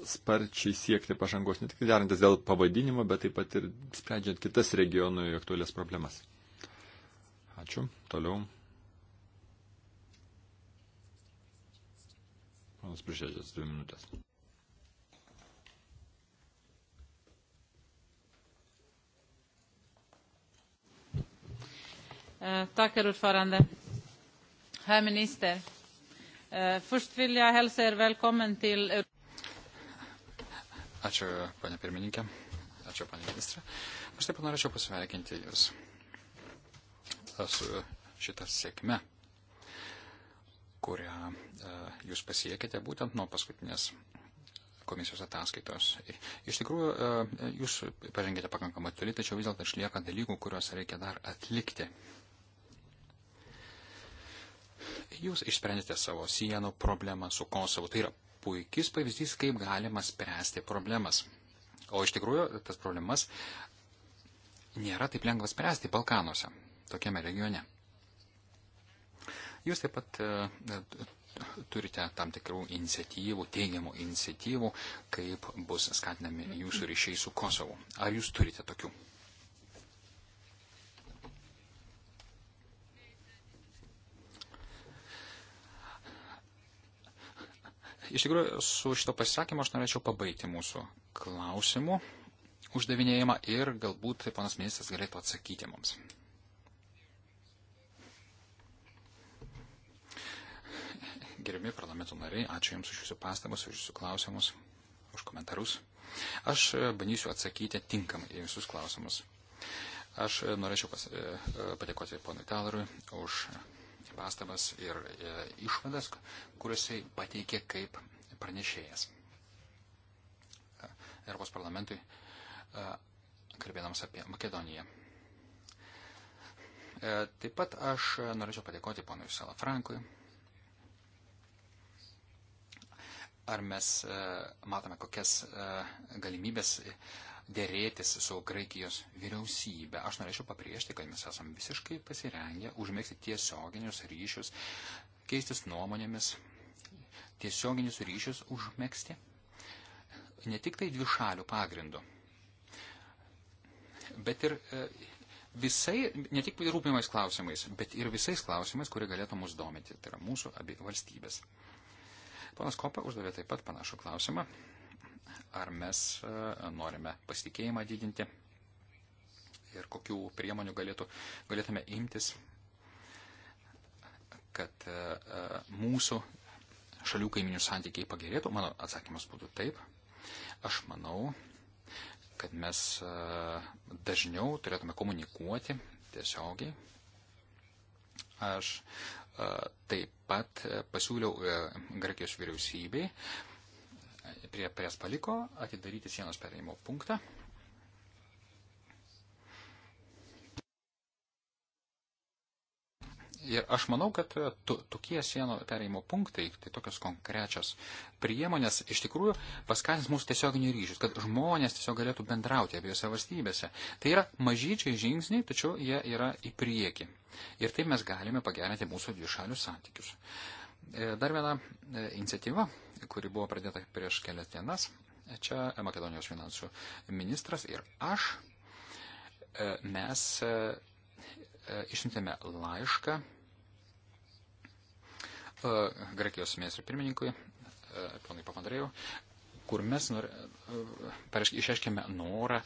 sparčiai siekti pažangos, ne tik derantis dėl pavadinimo, bet taip pat ir sprendžiant kitas regionų aktualias problemas. Ačiū. Toliau. Panas Prišėdės, dvi minutės. Eh, tack, herr ordförande. Herr minister, eh, först vill jag hälsa er välkommen till... Ačiū, panė pirmininkė. Ačiū, panė ministrė. Aš taip pat norėčiau pasveikinti Jūs su šitą sėkmę kurią e, jūs pasiekite būtent nuo paskutinės komisijos ataskaitos. Iš tikrųjų, e, jūs pažengėte pakankamai toli, tačiau vis dėlto išlieka dalykų, kuriuos reikia dar atlikti. Jūs išsprendėte savo sienų problemą su Kosovu. Tai yra puikis pavyzdys, kaip galima spręsti problemas. O iš tikrųjų, tas problemas nėra taip lengva spręsti Balkanuose, tokiame regione. Jūs taip pat e, turite tam tikrų iniciatyvų, teigiamų iniciatyvų, kaip bus skatinami jūsų ryšiai su Kosovu. Ar jūs turite tokių? Iš tikrųjų, su šito pasisakymu aš norėčiau pabaigti mūsų klausimų uždavinėjimą ir galbūt ponas ministras galėtų atsakyti mums. gerbiami parlamento nariai, ačiū Jums už Jūsų pastabas, už Jūsų klausimus, už komentarus. Aš e, bandysiu atsakyti tinkamai į visus klausimus. Aš e, norėčiau pas, e, padėkoti ponui Talarui už pastabas ir išvadas, kuriuos jis pateikė kaip pranešėjas. Europos parlamentui kalbėdamas apie Makedoniją. Taip pat aš norėčiau padėkoti ponui Salafrankui ar mes e, matome kokias e, galimybės dėrėtis su Graikijos vyriausybė. Aš norėčiau pabrėžti, kad mes esame visiškai pasirengę užmėgti tiesioginius ryšius, keistis nuomonėmis, tiesioginius ryšius užmėgsti. Ne tik tai dvišalių pagrindų, bet ir e, visai, ne tik rūpimais klausimais, bet ir visais klausimais, kurie galėtų mus domyti. Tai yra mūsų abi valstybės. Panas Kopa uždavė taip pat panašų klausimą. Ar mes e, norime pasitikėjimą didinti ir kokių priemonių galėtų, galėtume imtis, kad e, e, mūsų šalių kaiminių santykiai pagerėtų? Mano atsakymas būtų taip. Aš manau, kad mes dažniau turėtume komunikuoti tiesiogiai. Aš taip pat e, pasiūliau e, Graikijos vyriausybei prie Prespaliko atidaryti sienos perėjimo punktą Ir aš manau, kad e, tokie sienų pereimo punktai, tai tokios konkrečios priemonės iš tikrųjų paskatins mūsų tiesioginių ryšius, kad žmonės tiesiog galėtų bendrauti abiejose valstybėse. Tai yra mažyčiai žingsniai, tačiau jie yra į priekį. Ir taip mes galime pagerinti mūsų dvišalius santykius. E, dar viena e, iniciatyva, kuri buvo pradėta prieš kelias dienas, čia Makedonijos finansų ministras ir aš, mes išsiuntėme laišką E, Graikijos ministrui pirmininkui, e, ponui Papandrėjau, kur mes nor, e, išreiškėme norą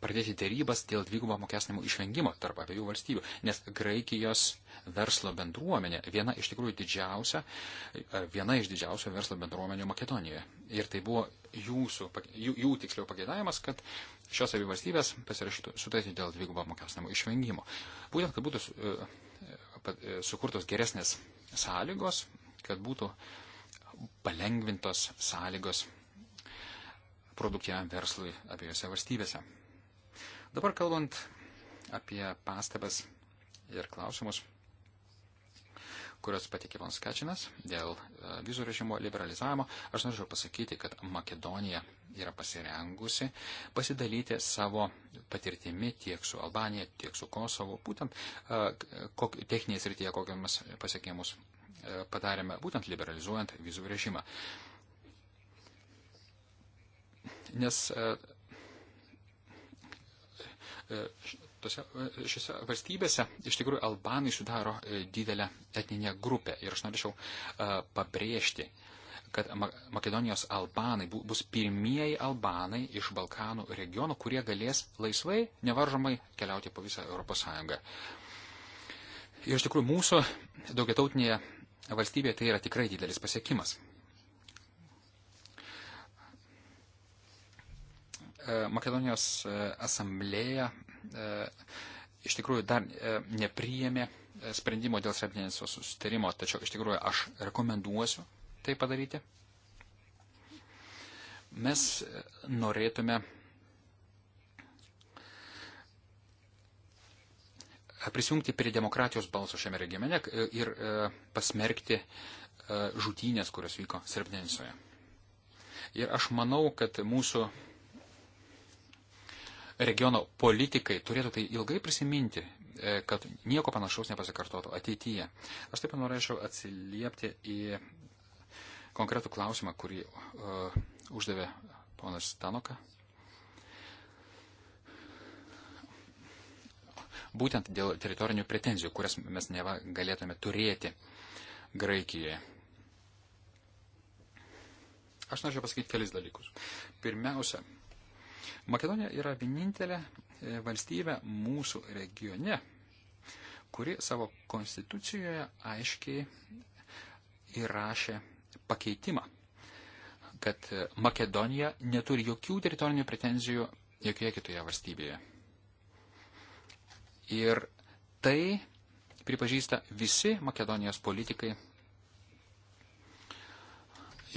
pradėti dėrybas dėl dvigubo apmokestinimo išvengimo tarp abiejų valstybių, nes Graikijos verslo bendruomenė viena iš tikrųjų didžiausia, viena iš didžiausių verslo bendruomenių Makedonijoje. Ir tai buvo jūsų, jų, jų tiksliau pagėdavimas, kad šios abi valstybės pasirašytų sutartį dėl dvigubo apmokestinimo išvengimo. Būtent, kad būtų sukurtos geresnės sąlygos, kad būtų palengvintos sąlygos produktyviam verslui abiejose valstybėse. Dabar kalbant apie pastabas ir klausimus kurios patikė ponas Kačinas dėl e, vizų režimo liberalizavimo, aš norėčiau pasakyti, kad Makedonija yra pasirengusi pasidalyti savo patirtimi tiek su Albanija, tiek su Kosovu, būtent e, techninės rytyje kokiamis pasiekimus e, padarėme, būtent liberalizuojant vizų režimą. Nes tose, e, šiose valstybėse iš tikrųjų albanai sudaro e, didelę etninę grupę. Ir aš norėčiau uh, pabrėžti, kad Makedonijos albanai bus pirmieji albanai iš Balkanų regionų, kurie galės laisvai, nevaržomai keliauti po visą ES. Ir iš tikrųjų mūsų daugiatautinėje valstybėje tai yra tikrai didelis pasiekimas. Makedonijos asamblėja E, iš tikrųjų dar e, nepriėmė e, sprendimo dėl Srebrenicos susitarimo, tačiau iš tikrųjų aš rekomenduosiu tai padaryti. Mes norėtume prisijungti prie demokratijos balso šiame regione ir pasmerkti žutynės, kurios vyko Srebrenicijoje. Ir aš manau, kad mūsų regiono politikai turėtų tai ilgai prisiminti, e, kad nieko panašaus nepasikartotų ateityje. Aš taip pat norėčiau atsiliepti į konkretų klausimą, kurį uh, uždavė ponas Stanoka. Būtent dėl teritorinių pretenzijų, kurias mes neva galėtume turėti Graikijoje. Aš norėčiau pasakyti kelis dalykus. Pirmiausia, Makedonija yra vienintelė e, valstybė mūsų regione, kuri savo konstitucijoje aiškiai įrašė pakeitimą, kad e, Makedonija neturi jokių teritorinių pretenzijų jokioje kitoje valstybėje. Ir tai pripažįsta visi Makedonijos politikai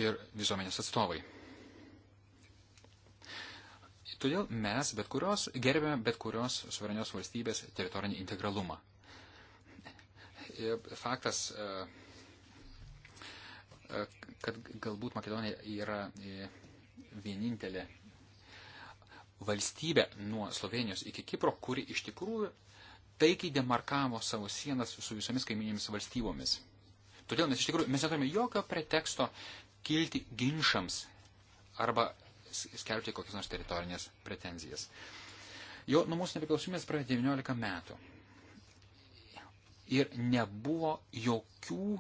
ir visuomenės atstovai. Todėl mes bet kurios, gerbėme bet kurios suverenios valstybės teritorinį integralumą. E, faktas, e, e, kad galbūt Makedonija yra vienintelė valstybė nuo Slovenijos iki Kipro, kuri iš tikrųjų taikiai demarkavo savo sienas su visomis kaiminėmis valstybomis. Todėl mes iš tikrųjų mes neturime jokio preteksto kilti ginčiams arba skelbti kokias nors teritorinės pretenzijas. Jo nuo mūsų nepriklausomybės praėjo 19 metų. Ir nebuvo jokių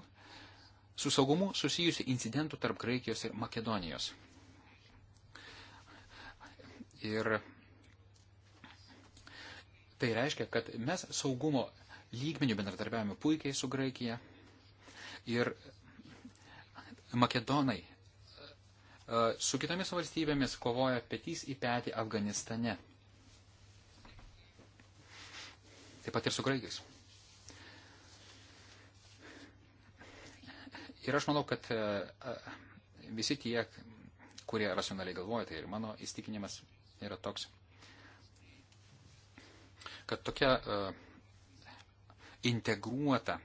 su saugumu susijusių incidentų tarp Graikijos ir Makedonijos. Ir tai reiškia, kad mes saugumo lygmenių bendradarbiavome puikiai su Graikija. Ir Makedonai E, su kitomis valstybėmis kovoja petys į petį Afganistane. Taip pat ir su graikais. Ir aš manau, kad e, e, visi tie, kurie racionaliai galvoja, tai ir mano įstikinimas yra toks, kad tokia integruota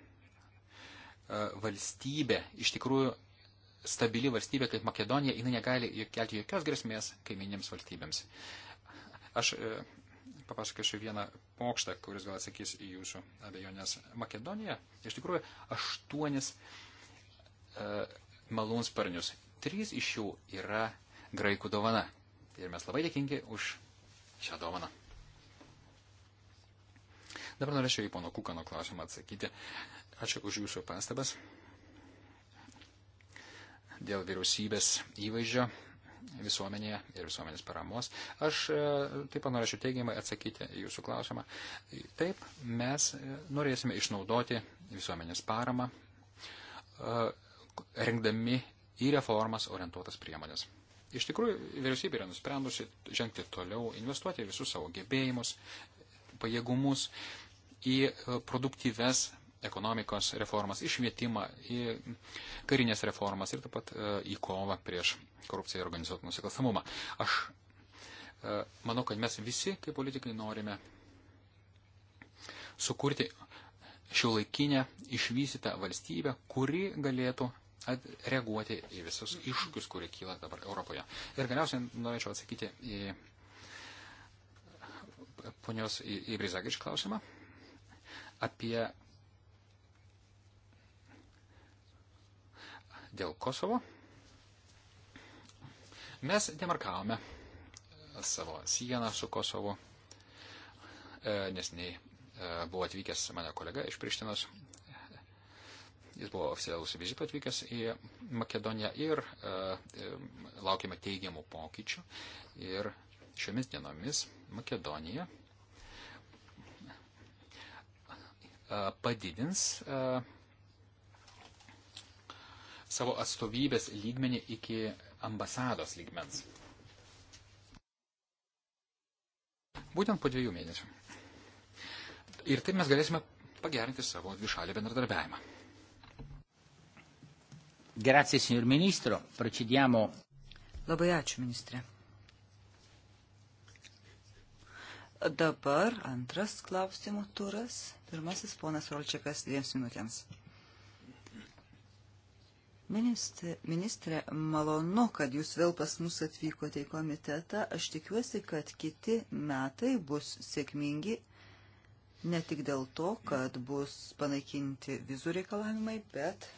valstybė iš tikrųjų stabili valstybė kaip Makedonija, jinai negali kelti jokios grėsmės kaiminėms valstybėms. Aš e, papasakosiu vieną pokštą, kuris gal atsakys į jūsų abejonės. Makedonija, iš tikrųjų, aštuonis e, malūnsparnius. Trys iš jų yra graikų dovana. Ir mes labai dėkingi už šią dovaną. Dabar norėčiau į pono Kukano klausimą atsakyti. Ačiū už jūsų pastabas dėl vyriausybės įvaizdžio visuomenėje ir visuomenės paramos. Aš e, taip pat norėčiau teigiamai atsakyti jūsų klausimą. Taip, mes e, norėsime išnaudoti visuomenės paramą, e, rengdami į reformas orientuotas priemonės. Iš tikrųjų, vyriausybė yra nusprendusi žengti toliau, investuoti visus savo gebėjimus, pajėgumus į produktyves ekonomikos reformas, išvietimą, į karinės reformas ir taip pat e, į kovą prieš korupciją ir organizuotą nusikalstamumą. Aš e, manau, kad mes visi, kaip politikai, norime sukurti šio laikinę išvystytą valstybę, kuri galėtų reaguoti į visus iššūkius, kurie kyla dabar Europoje. Ir galiausiai norėčiau atsakyti į ponios Įbrizagič klausimą apie dėl Kosovo. Mes demarkavome savo sieną su Kosovu, e, nes nei e, buvo atvykęs mano kolega iš Prištinos. Jis buvo oficialus vizitu atvykęs į Makedoniją ir e, e laukime teigiamų pokyčių. Ir šiomis dienomis Makedonija padidins e, savo atstovybės lygmenį iki ambasados lygmens. Būtent po dviejų mėnesių. Ir taip mes galėsime pagerinti savo dvišalį bendradarbiavimą. Grazie, signor ministro. Procediamo. Labai ačiū, ministrė. Dabar antras klausimų turas. Pirmasis ponas Rolčiakas dviems minutėms. Ministrė, ministrė, malonu, kad jūs vėl pas mus atvykote į komitetą. Aš tikiuosi, kad kiti metai bus sėkmingi ne tik dėl to, kad bus panaikinti vizų reikalavimai, bet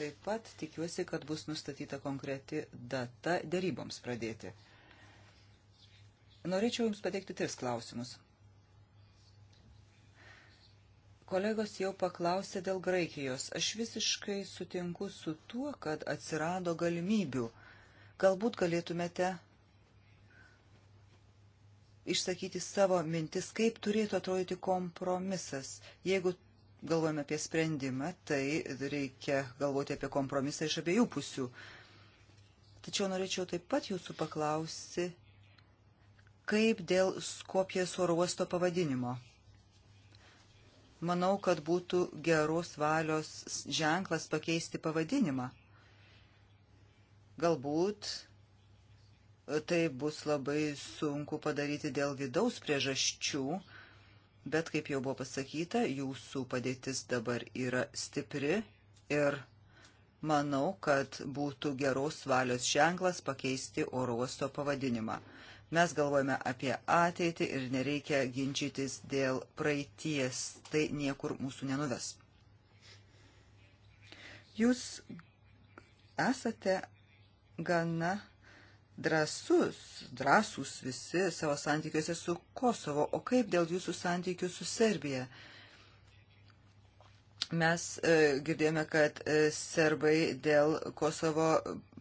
taip pat tikiuosi, kad bus nustatyta konkreti data deryboms pradėti. Norėčiau Jums pateikti tris klausimus. Kolegos jau paklausė dėl Graikijos. Aš visiškai sutinku su tuo, kad atsirado galimybių. Galbūt galėtumėte išsakyti savo mintis, kaip turėtų atrodyti kompromisas. Jeigu galvojame apie sprendimą, tai reikia galvoti apie kompromisą iš abiejų pusių. Tačiau norėčiau taip pat jūsų paklausti, kaip dėl Skopijos oro uosto pavadinimo. Manau, kad būtų geros valios ženklas pakeisti pavadinimą. Galbūt tai bus labai sunku padaryti dėl vidaus priežasčių, bet, kaip jau buvo pasakyta, jūsų padėtis dabar yra stipri ir manau, kad būtų geros valios ženklas pakeisti oro uosto pavadinimą. Mes galvojame apie ateitį ir nereikia ginčytis dėl praeities. Tai niekur mūsų nenuves. Jūs esate gana drąsus, drąsus visi savo santykiuose su Kosovo. O kaip dėl jūsų santykių su Serbija? Mes e, girdėjome, kad e, serbai dėl Kosovo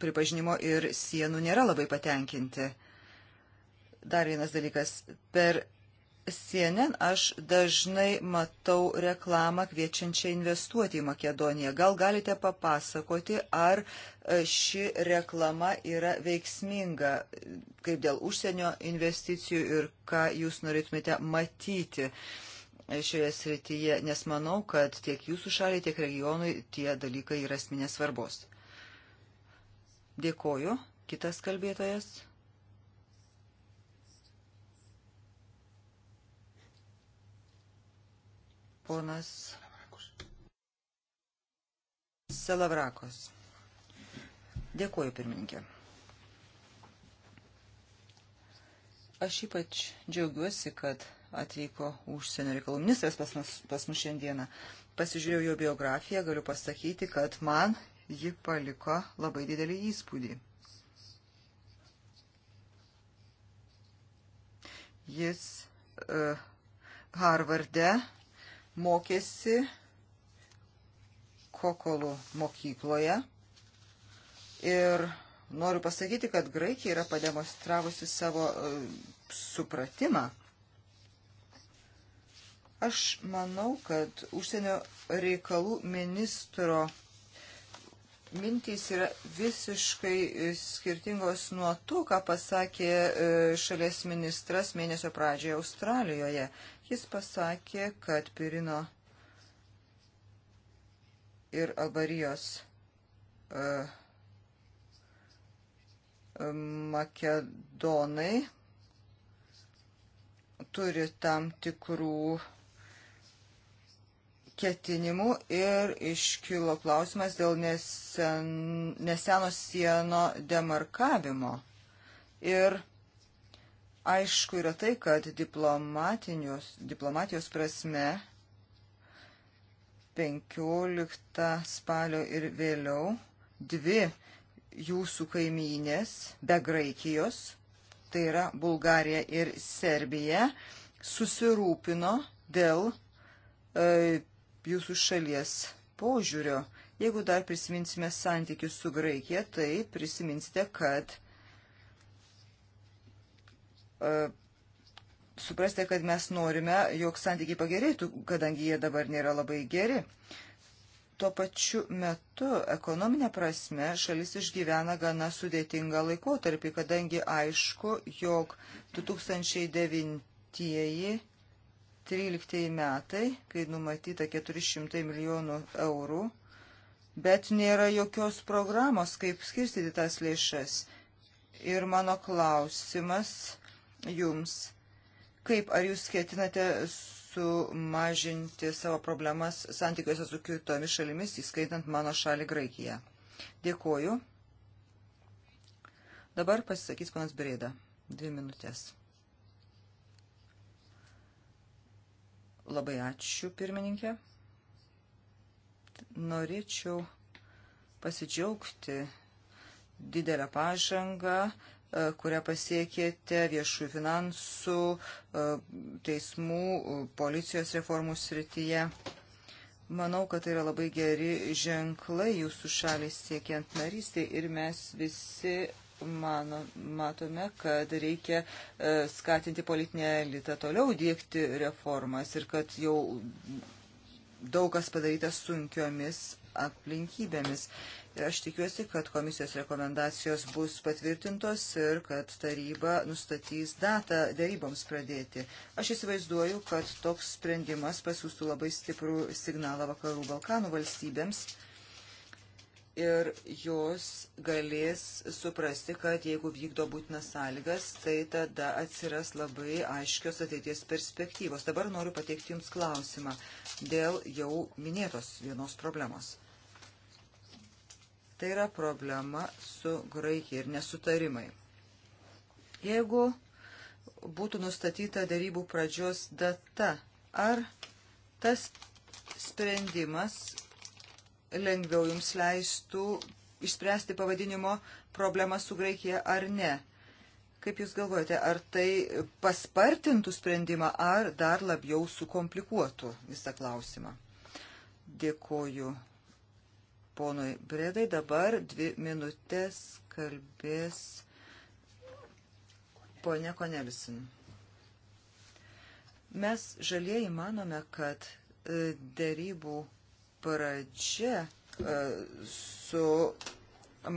pripažinimo ir sienų nėra labai patenkinti. E, Dar vienas dalykas. Per CNN aš dažnai matau reklamą kviečiančią investuoti į Makedoniją. Gal galite papasakoti, ar e, ši reklama yra veiksminga, kaip dėl užsienio investicijų ir ką jūs norėtumėte matyti e, šioje srityje, nes manau, kad tiek jūsų šaliai, tiek regionui tie dalykai yra asmenės svarbos. Dėkoju. Kitas kalbėtojas. ponas Selavrakos. Dėkuoju, pirmininkė. Aš ypač džiaugiuosi, kad atvyko užsienio reikalų ministras pas mus, pas mus šiandieną. Pasižiūrėjau jo biografiją, galiu pasakyti, kad man ji paliko labai didelį įspūdį. Jis uh, Harvarde mokėsi Kokolo mokykloje ir noriu pasakyti, kad Graikija yra pademonstravusi savo e, supratimą. Aš manau, kad užsienio reikalų ministro mintys yra visiškai e, skirtingos nuo to, ką pasakė e, šalies ministras mėnesio pradžioje Australijoje. Jis pasakė, kad Pirino ir Albarijos uh, Makedonai turi tam tikrų ketinimų ir iškilo klausimas dėl nesen, neseno sieno demarkavimo. Ir Aišku yra tai, kad diplomatijos prasme 15 spalio ir vėliau dvi jūsų kaimynės be Graikijos, tai yra Bulgarija ir Serbija, susirūpino dėl e, jūsų šalies požiūrio. Jeigu dar prisiminsime santykius su Graikija, tai prisiminsite, kad E, suprasti, kad mes norime, jog santykiai pagerėtų, kadangi jie dabar nėra labai geri. Tuo pačiu metu, ekonominė prasme, šalis išgyvena gana sudėtingą laikotarpį, kadangi aišku, jog 2009-2013 metai, kai numatyta 400 milijonų eurų, bet nėra jokios programos, kaip skirstyti tas lėšas. Ir mano klausimas jums. Kaip ar jūs ketinate sumažinti savo problemas santykiuose su kitomis šalimis, įskaitant mano šalį Graikiją? Dėkoju. Dabar pasisakys panas Brėda. Dvi minutės. Labai ačiū, pirmininkė. Norėčiau pasidžiaugti didelę pažangą E, kurią pasiekėte viešų finansų, e, teismų, e, policijos reformų srityje. Manau, kad tai yra labai geri ženklai jūsų šalis siekiant narystį ir mes visi mano, matome, kad reikia skatinti politinę elitą toliau dėkti reformas ir kad jau daug kas padaryta sunkiomis aplinkybėmis. Aš tikiuosi, kad komisijos rekomendacijos bus patvirtintos ir kad taryba nustatys datą dėryboms pradėti. Aš įsivaizduoju, kad toks sprendimas pasiūstų labai stiprų signalą vakarų Balkanų valstybėms ir jos galės suprasti, kad jeigu vykdo būtinas sąlygas, tai tada atsiras labai aiškios ateities perspektyvos. Dabar noriu pateikti Jums klausimą dėl jau minėtos vienos problemos. Tai yra problema su Graikija ir nesutarimai. Jeigu būtų nustatyta darybų pradžios data, ar tas sprendimas lengviau jums leistų išspręsti pavadinimo problemą su Graikija ar ne? Kaip Jūs galvojate, ar tai paspartintų sprendimą, ar dar labiau sukomplikuotų visą klausimą? Dėkoju ponui Bredai. Dabar dvi minutės kalbės ponė Konelisin. Mes žalieji manome, kad e, dėrybų pradžia e, su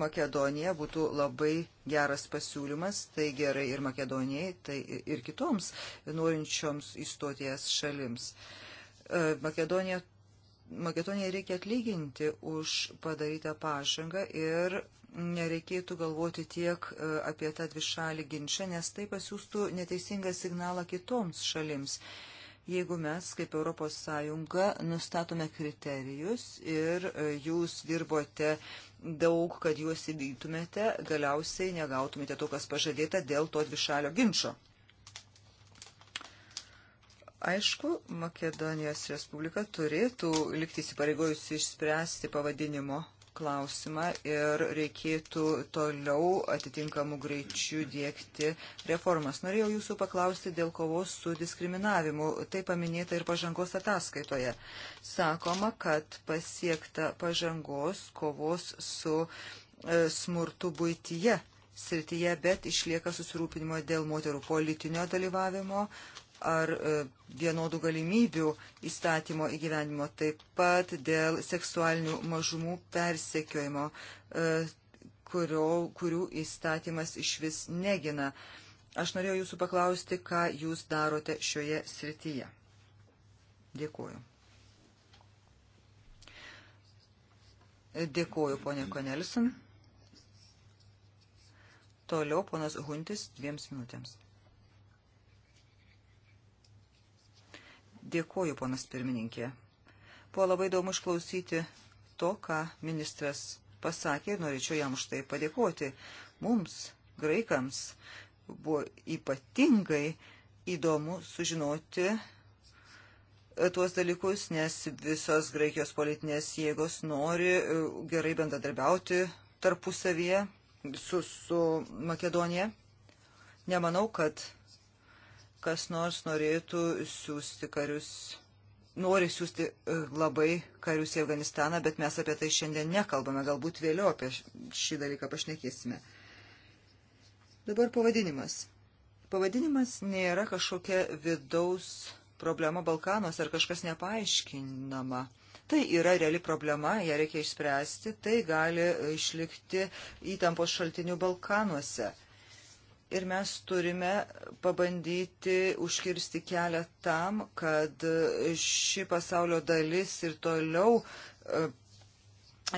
Makedonija būtų labai geras pasiūlymas, tai gerai ir Makedonijai, tai ir kitoms norinčioms įstoties šalims. E, Makedonija Makedonijai reikia atlyginti už padarytą pažangą ir nereikėtų galvoti tiek e, apie tą dvišalį ginčą, nes tai pasiūstų neteisingą signalą kitoms šalims. Jeigu mes, kaip Europos Sąjunga, nustatome kriterijus ir e, jūs dirbote daug, kad juos įvyktumėte, galiausiai negautumėte to, kas pažadėta dėl to dvišalio ginčio. Aišku, Makedonijos Respublika turėtų likti įsipareigojusi išspręsti pavadinimo klausimą ir reikėtų toliau atitinkamų greičių dėkti reformas. Norėjau jūsų paklausti dėl kovos su diskriminavimu. Tai paminėta ir pažangos ataskaitoje. Sakoma, kad pasiekta pažangos kovos su e, smurtu būtyje srityje, bet išlieka susirūpinimo dėl moterų politinio dalyvavimo, ar e, vienodų galimybių įstatymo įgyvenimo, taip pat dėl seksualinių mažumų persekiojimo, e, kurio, kurių įstatymas iš vis negina. Aš norėjau jūsų paklausti, ką jūs darote šioje srityje. Dėkuoju. Dėkuoju, ponė Konelson. Toliau ponas Huntis dviems minutėms. Dėkuoju, ponas pirmininkė. Buvo labai įdomu išklausyti to, ką ministras pasakė ir norėčiau jam už tai padėkoti. Mums, graikams, buvo ypatingai įdomu sužinoti e, tuos dalykus, nes visos Graikijos politinės jėgos nori e, gerai bendradarbiauti tarpusavyje su, su Makedonija. Nemanau, kad kas nors norėtų siūsti karius, nori siūsti e, labai karius į Afganistaną, bet mes apie tai šiandien nekalbame, galbūt vėliau apie šį dalyką pašnekėsime. Dabar pavadinimas. Pavadinimas nėra kažkokia vidaus problema Balkanos ar kažkas nepaaiškinama. Tai yra reali problema, ją reikia išspręsti, tai gali išlikti įtampos šaltinių Balkanuose ir mes turime pabandyti užkirsti kelią tam, kad ši pasaulio dalis ir toliau e,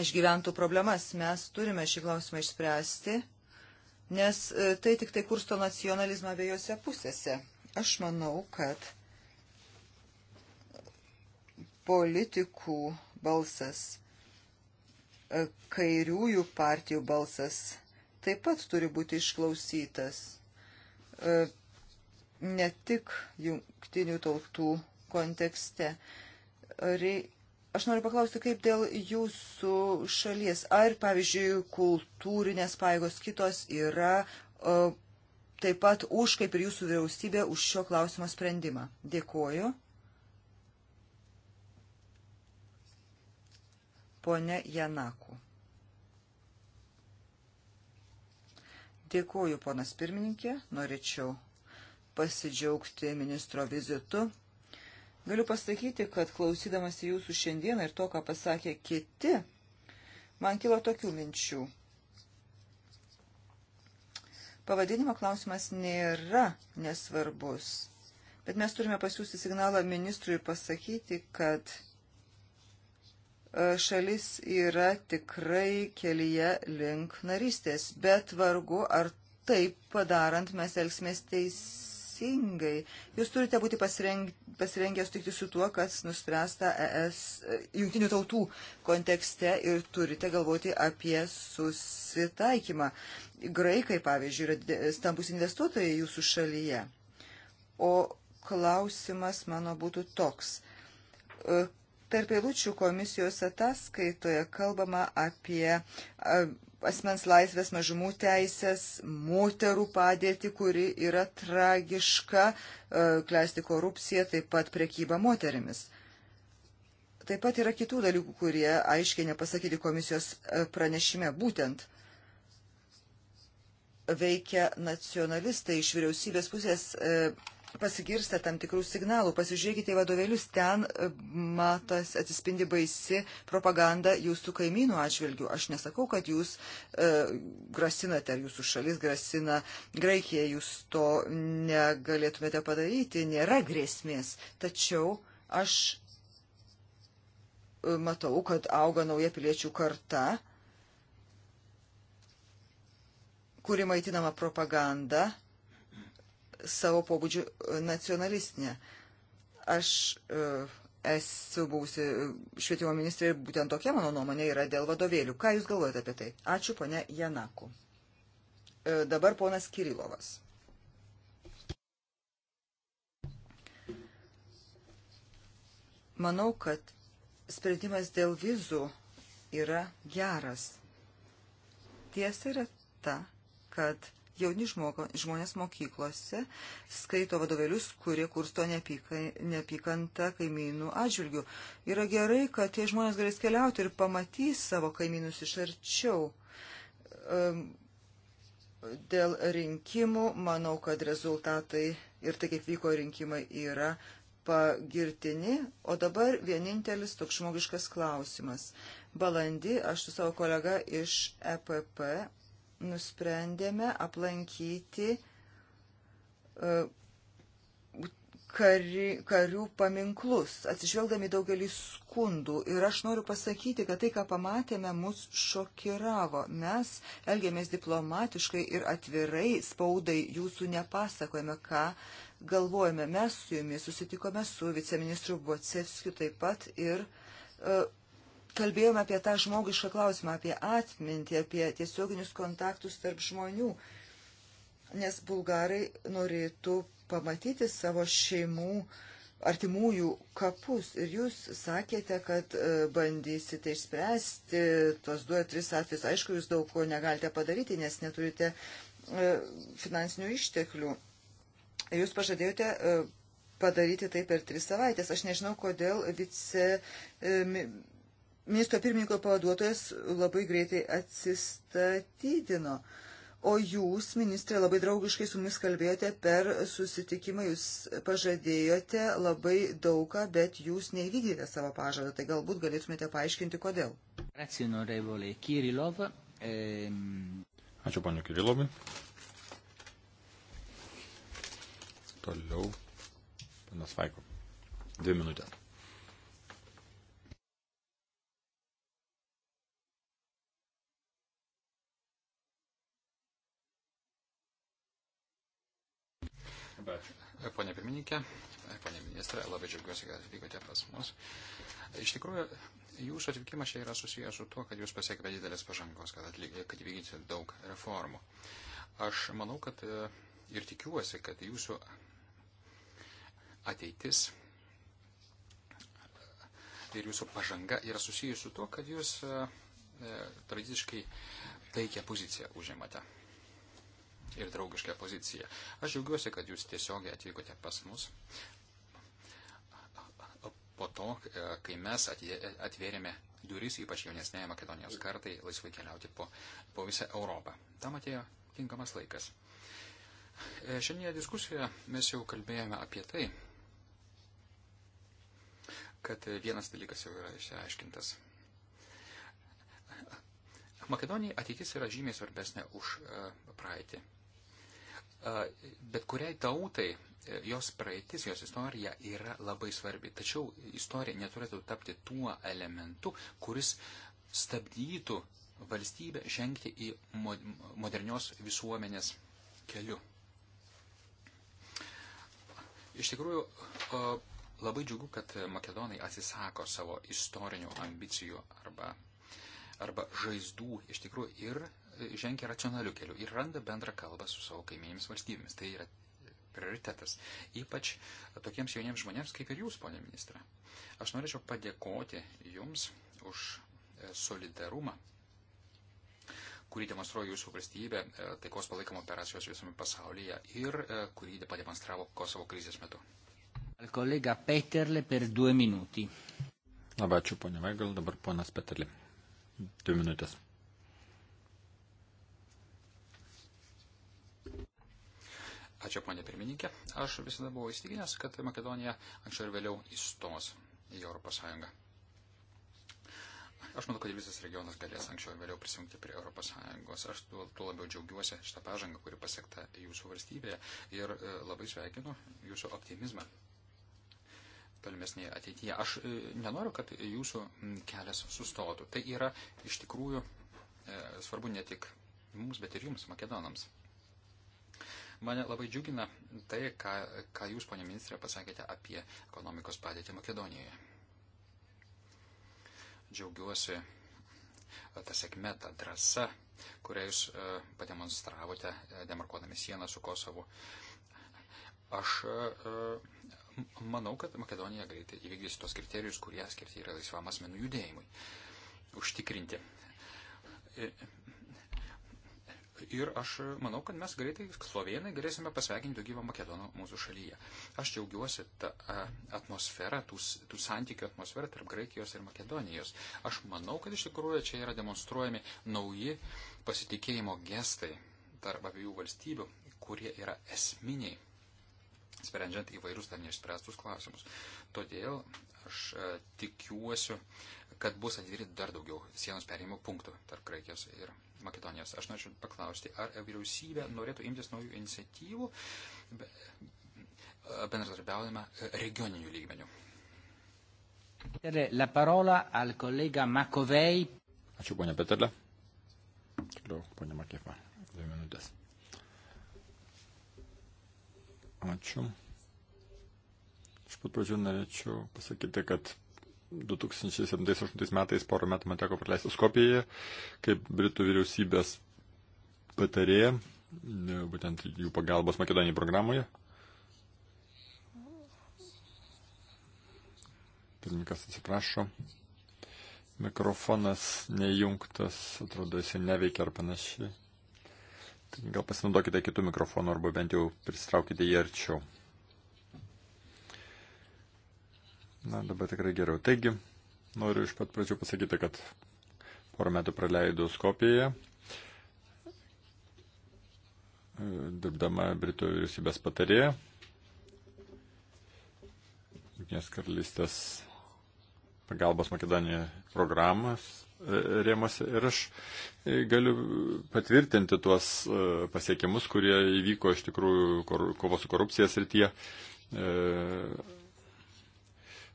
išgyventų problemas. Mes turime šį klausimą išspręsti, nes e, tai tik tai kursto nacionalizmą abiejose pusėse. Aš manau, kad politikų balsas, e, kairiųjų partijų balsas taip pat turi būti išklausytas e, ne tik jungtinių tautų kontekste. Aš noriu paklausti, kaip dėl jūsų šalies, ar, pavyzdžiui, kultūrinės paėgos kitos yra e, taip pat už, kaip ir jūsų vyriausybė, už šio klausimo sprendimą. Dėkoju. Pone Janaku. Dėkuoju, ponas pirmininkė, norėčiau pasidžiaugti ministro vizitu. Galiu pasakyti, kad klausydamas jūsų šiandieną ir to, ką pasakė kiti, man kilo tokių minčių. Pavadinimo klausimas nėra nesvarbus, bet mes turime pasiūsti signalą ministrui ir pasakyti, kad E, šalis yra tikrai kelyje link narystės, bet vargu ar taip padarant mes elgsimės teisingai. Jūs turite būti pasireng, pasirengę sutikti su tuo, kas nuspręsta ES e, jungtinių tautų kontekste ir turite galvoti apie susitaikymą. Graikai, pavyzdžiui, yra stambus investuotojai jūsų šalyje. O klausimas mano būtų toks e, Tarp eilučių komisijos ataskaitoje kalbama apie asmens laisvės mažumų teisės, moterų padėtį, kuri yra tragiška, klesti korupcija, taip pat prekyba moterimis. Taip pat yra kitų dalykų, kurie aiškiai nepasakyti komisijos pranešime. Būtent veikia nacionalistai iš vyriausybės pusės pasigirsta tam tikrų signalų. Pasižiūrėkite į vadovėlius, ten e, matas atsispindi baisi propaganda jūsų kaimynų atžvilgių. Aš nesakau, kad jūs e, grasinate, ar jūsų šalis grasina Graikija, jūs to negalėtumėte padaryti, nėra grėsmės. Tačiau aš e, matau, kad auga nauja piliečių karta kuri maitinama propaganda savo pobūdžių e, nacionalistinė. Aš e, esu buvusi švietimo ministrė ir būtent tokia mano nuomonė yra dėl vadovėlių. Ką Jūs galvojate apie tai? Ačiū, ponia Janaku. E, dabar ponas Kirilovas. Manau, kad sprendimas dėl vizų yra geras. Tiesa yra ta, kad Jauni žmoga, žmonės mokyklose skaito vadovėlius, kurie kursto neapykantą kaimynų atžvilgių. Yra gerai, kad tie žmonės galės keliauti ir pamatys savo kaimynus iš arčiau. Dėl rinkimų manau, kad rezultatai ir tai, kaip vyko rinkimai, yra pagirtini, o dabar vienintelis toks žmogiškas klausimas. Balandį aš su savo kolega iš EPP nusprendėme aplankyti e, kari, karių paminklus, atsižvelgdami daugelį skundų. Ir aš noriu pasakyti, kad tai, ką pamatėme, mus šokiravo. Mes elgėmės diplomatiškai ir atvirai spaudai jūsų nepasakojame, ką galvojame. Mes su jumis susitikome su viceministru Bocevskiu taip pat ir uh, kalbėjome apie tą žmogišką klausimą, apie atmintį, apie tiesioginius kontaktus tarp žmonių, nes bulgarai norėtų pamatyti savo šeimų artimųjų kapus. Ir jūs sakėte, kad e, bandysite išspręsti tos du ar tris atvejus. Aišku, jūs daug ko negalite padaryti, nes neturite e, finansinių išteklių. Jūs pažadėjote e, padaryti tai per tris savaitės. Aš nežinau, kodėl vice ministro pirmininko pavaduotojas labai greitai atsistatydino. O jūs, ministrė, labai draugiškai su mumis kalbėjote per susitikimą, jūs pažadėjote labai daugą, bet jūs neįvykdėte savo pažadą. Tai galbūt galėtumėte paaiškinti, kodėl. Ehm, Ačiū, panė Kirilovai. Toliau, panas Vaiko. Dvi minutės. Pone pirmininkė, pone ministrė, labai džiaugiuosi, kad atvykote pas mus. Iš tikrųjų, jūsų atvykimas čia yra susijęs su tuo, kad jūs pasiekėte didelės pažangos, kad, atlyg, kad vykdyti daug reformų. Aš manau, kad e, ir tikiuosi, kad jūsų ateitis ir jūsų pažanga yra susijusi su tuo, kad jūs e, tradiciškai taikę poziciją užėmate ir draugišką poziciją. Aš džiaugiuosi, kad jūs tiesiogiai atvykote pas mus. Po to, kai mes atvėrėme duris, ypač jaunesnėje Makedonijos kartai, laisvai keliauti po, po visą Europą. Tam atėjo tinkamas laikas. E, Šiandien diskusijoje mes jau kalbėjome apie tai, kad vienas dalykas jau yra išsiaiškintas. Makedonijai ateitis yra žymiai svarbesnė už e, praeitį bet kuriai tautai e, jos praeitis, jos istorija yra labai svarbi. Tačiau istorija neturėtų tapti tuo elementu, kuris stabdytų valstybę žengti į modernios visuomenės keliu. Iš tikrųjų, labai džiugu, kad makedonai atsisako savo istorinių ambicijų arba arba žaizdų iš tikrųjų ir e, žengia racionalių kelių ir randa bendrą kalbą su savo kaimynėmis valstybėmis. Tai yra e, prioritetas. Ypač e, tokiems jauniems žmonėms kaip ir jūs, ponė ministra. Aš norėčiau padėkoti jums už solidarumą, kurį demonstruoja jūsų valstybė taikos palaikymo operacijos visame pasaulyje ir kurį pademonstravo Kosovo krizės metu. Kolega Peterle per du minutį. Labai ačiū, ponė Vaigal, dabar ponas Peterle. Dvi minutės. Ačiū, ponė pirmininkė. Aš visada buvau įstikinęs, kad Makedonija anksčiau ir vėliau įstos į Europos Sąjungą. Aš manau, kad visas regionas galės anksčiau ir vėliau prisijungti prie Europos Sąjungos. Aš tuo, tuo labiau džiaugiuosi šitą pažangą, kuri pasiekta jūsų valstybėje ir e, labai sveikinu jūsų optimizmą tolimesnėje ateityje. Aš e, nenoriu, kad jūsų kelias sustotų. Tai yra iš tikrųjų e, svarbu ne tik mums, bet ir jums, makedonams. Mane labai džiugina tai, ką, ką jūs, ponė ministrė, pasakėte apie ekonomikos padėtį Makedonijoje. Džiaugiuosi e, tą sėkmę, tą drąsą, kurią jūs pademonstravote, demarkuodami sieną su Kosovu. Aš uh, Manau, kad Makedonija greitai įvykdys tos kriterijus, kurie skirti yra laisvam asmenų judėjimui. Užtikrinti. Ir aš manau, kad mes greitai, slovėnai, galėsime pasveikinti daugybę makedonų mūsų šalyje. Aš džiaugiuosi tą atmosferą, tų, tų santykių atmosferą tarp Graikijos ir Makedonijos. Aš manau, kad iš tikrųjų čia yra demonstruojami nauji pasitikėjimo gestai tarp abiejų valstybių, kurie yra esminiai sprendžiant įvairius dar neišspręstus klausimus. Todėl aš e, tikiuosi, kad bus atvirti dar daugiau sienos perėjimo punktų tarp Graikijos ir Makedonijos. Aš norėčiau paklausti, ar vyriausybė norėtų imtis naujų iniciatyvų bendradarbiaujame e, regioninių lygmenių. La parola al kolega Makovei. Ačiū, ponia Petelė. Toliau, ponia Makėfa. Dvi minutės. Ačiū. Iš pat pradžių norėčiau pasakyti, kad 2007-2008 metais porą metų man teko praleisti Skopijoje kaip Britų vyriausybės patarėja, e, būtent jų pagalbos Makedonijai programoje. Pirmininkas atsiprašo. Mikrofonas nejungtas, atrodo, jisai neveikia ar panašiai. Tai gal pasinaudokite kitų mikrofonų arba bent jau pristraukite jį arčiau. Na, dabar tikrai geriau. Taigi, noriu iš pat pradžių pasakyti, kad porą metų praleidau Skopijoje, dirbdama Britų vyriausybės patarėja, Junktinės karalystės pagalbos Makedonijoje programas rėmose ir aš e, galiu patvirtinti tuos e, pasiekimus, kurie įvyko iš tikrųjų kovos su korupcija srityje. E,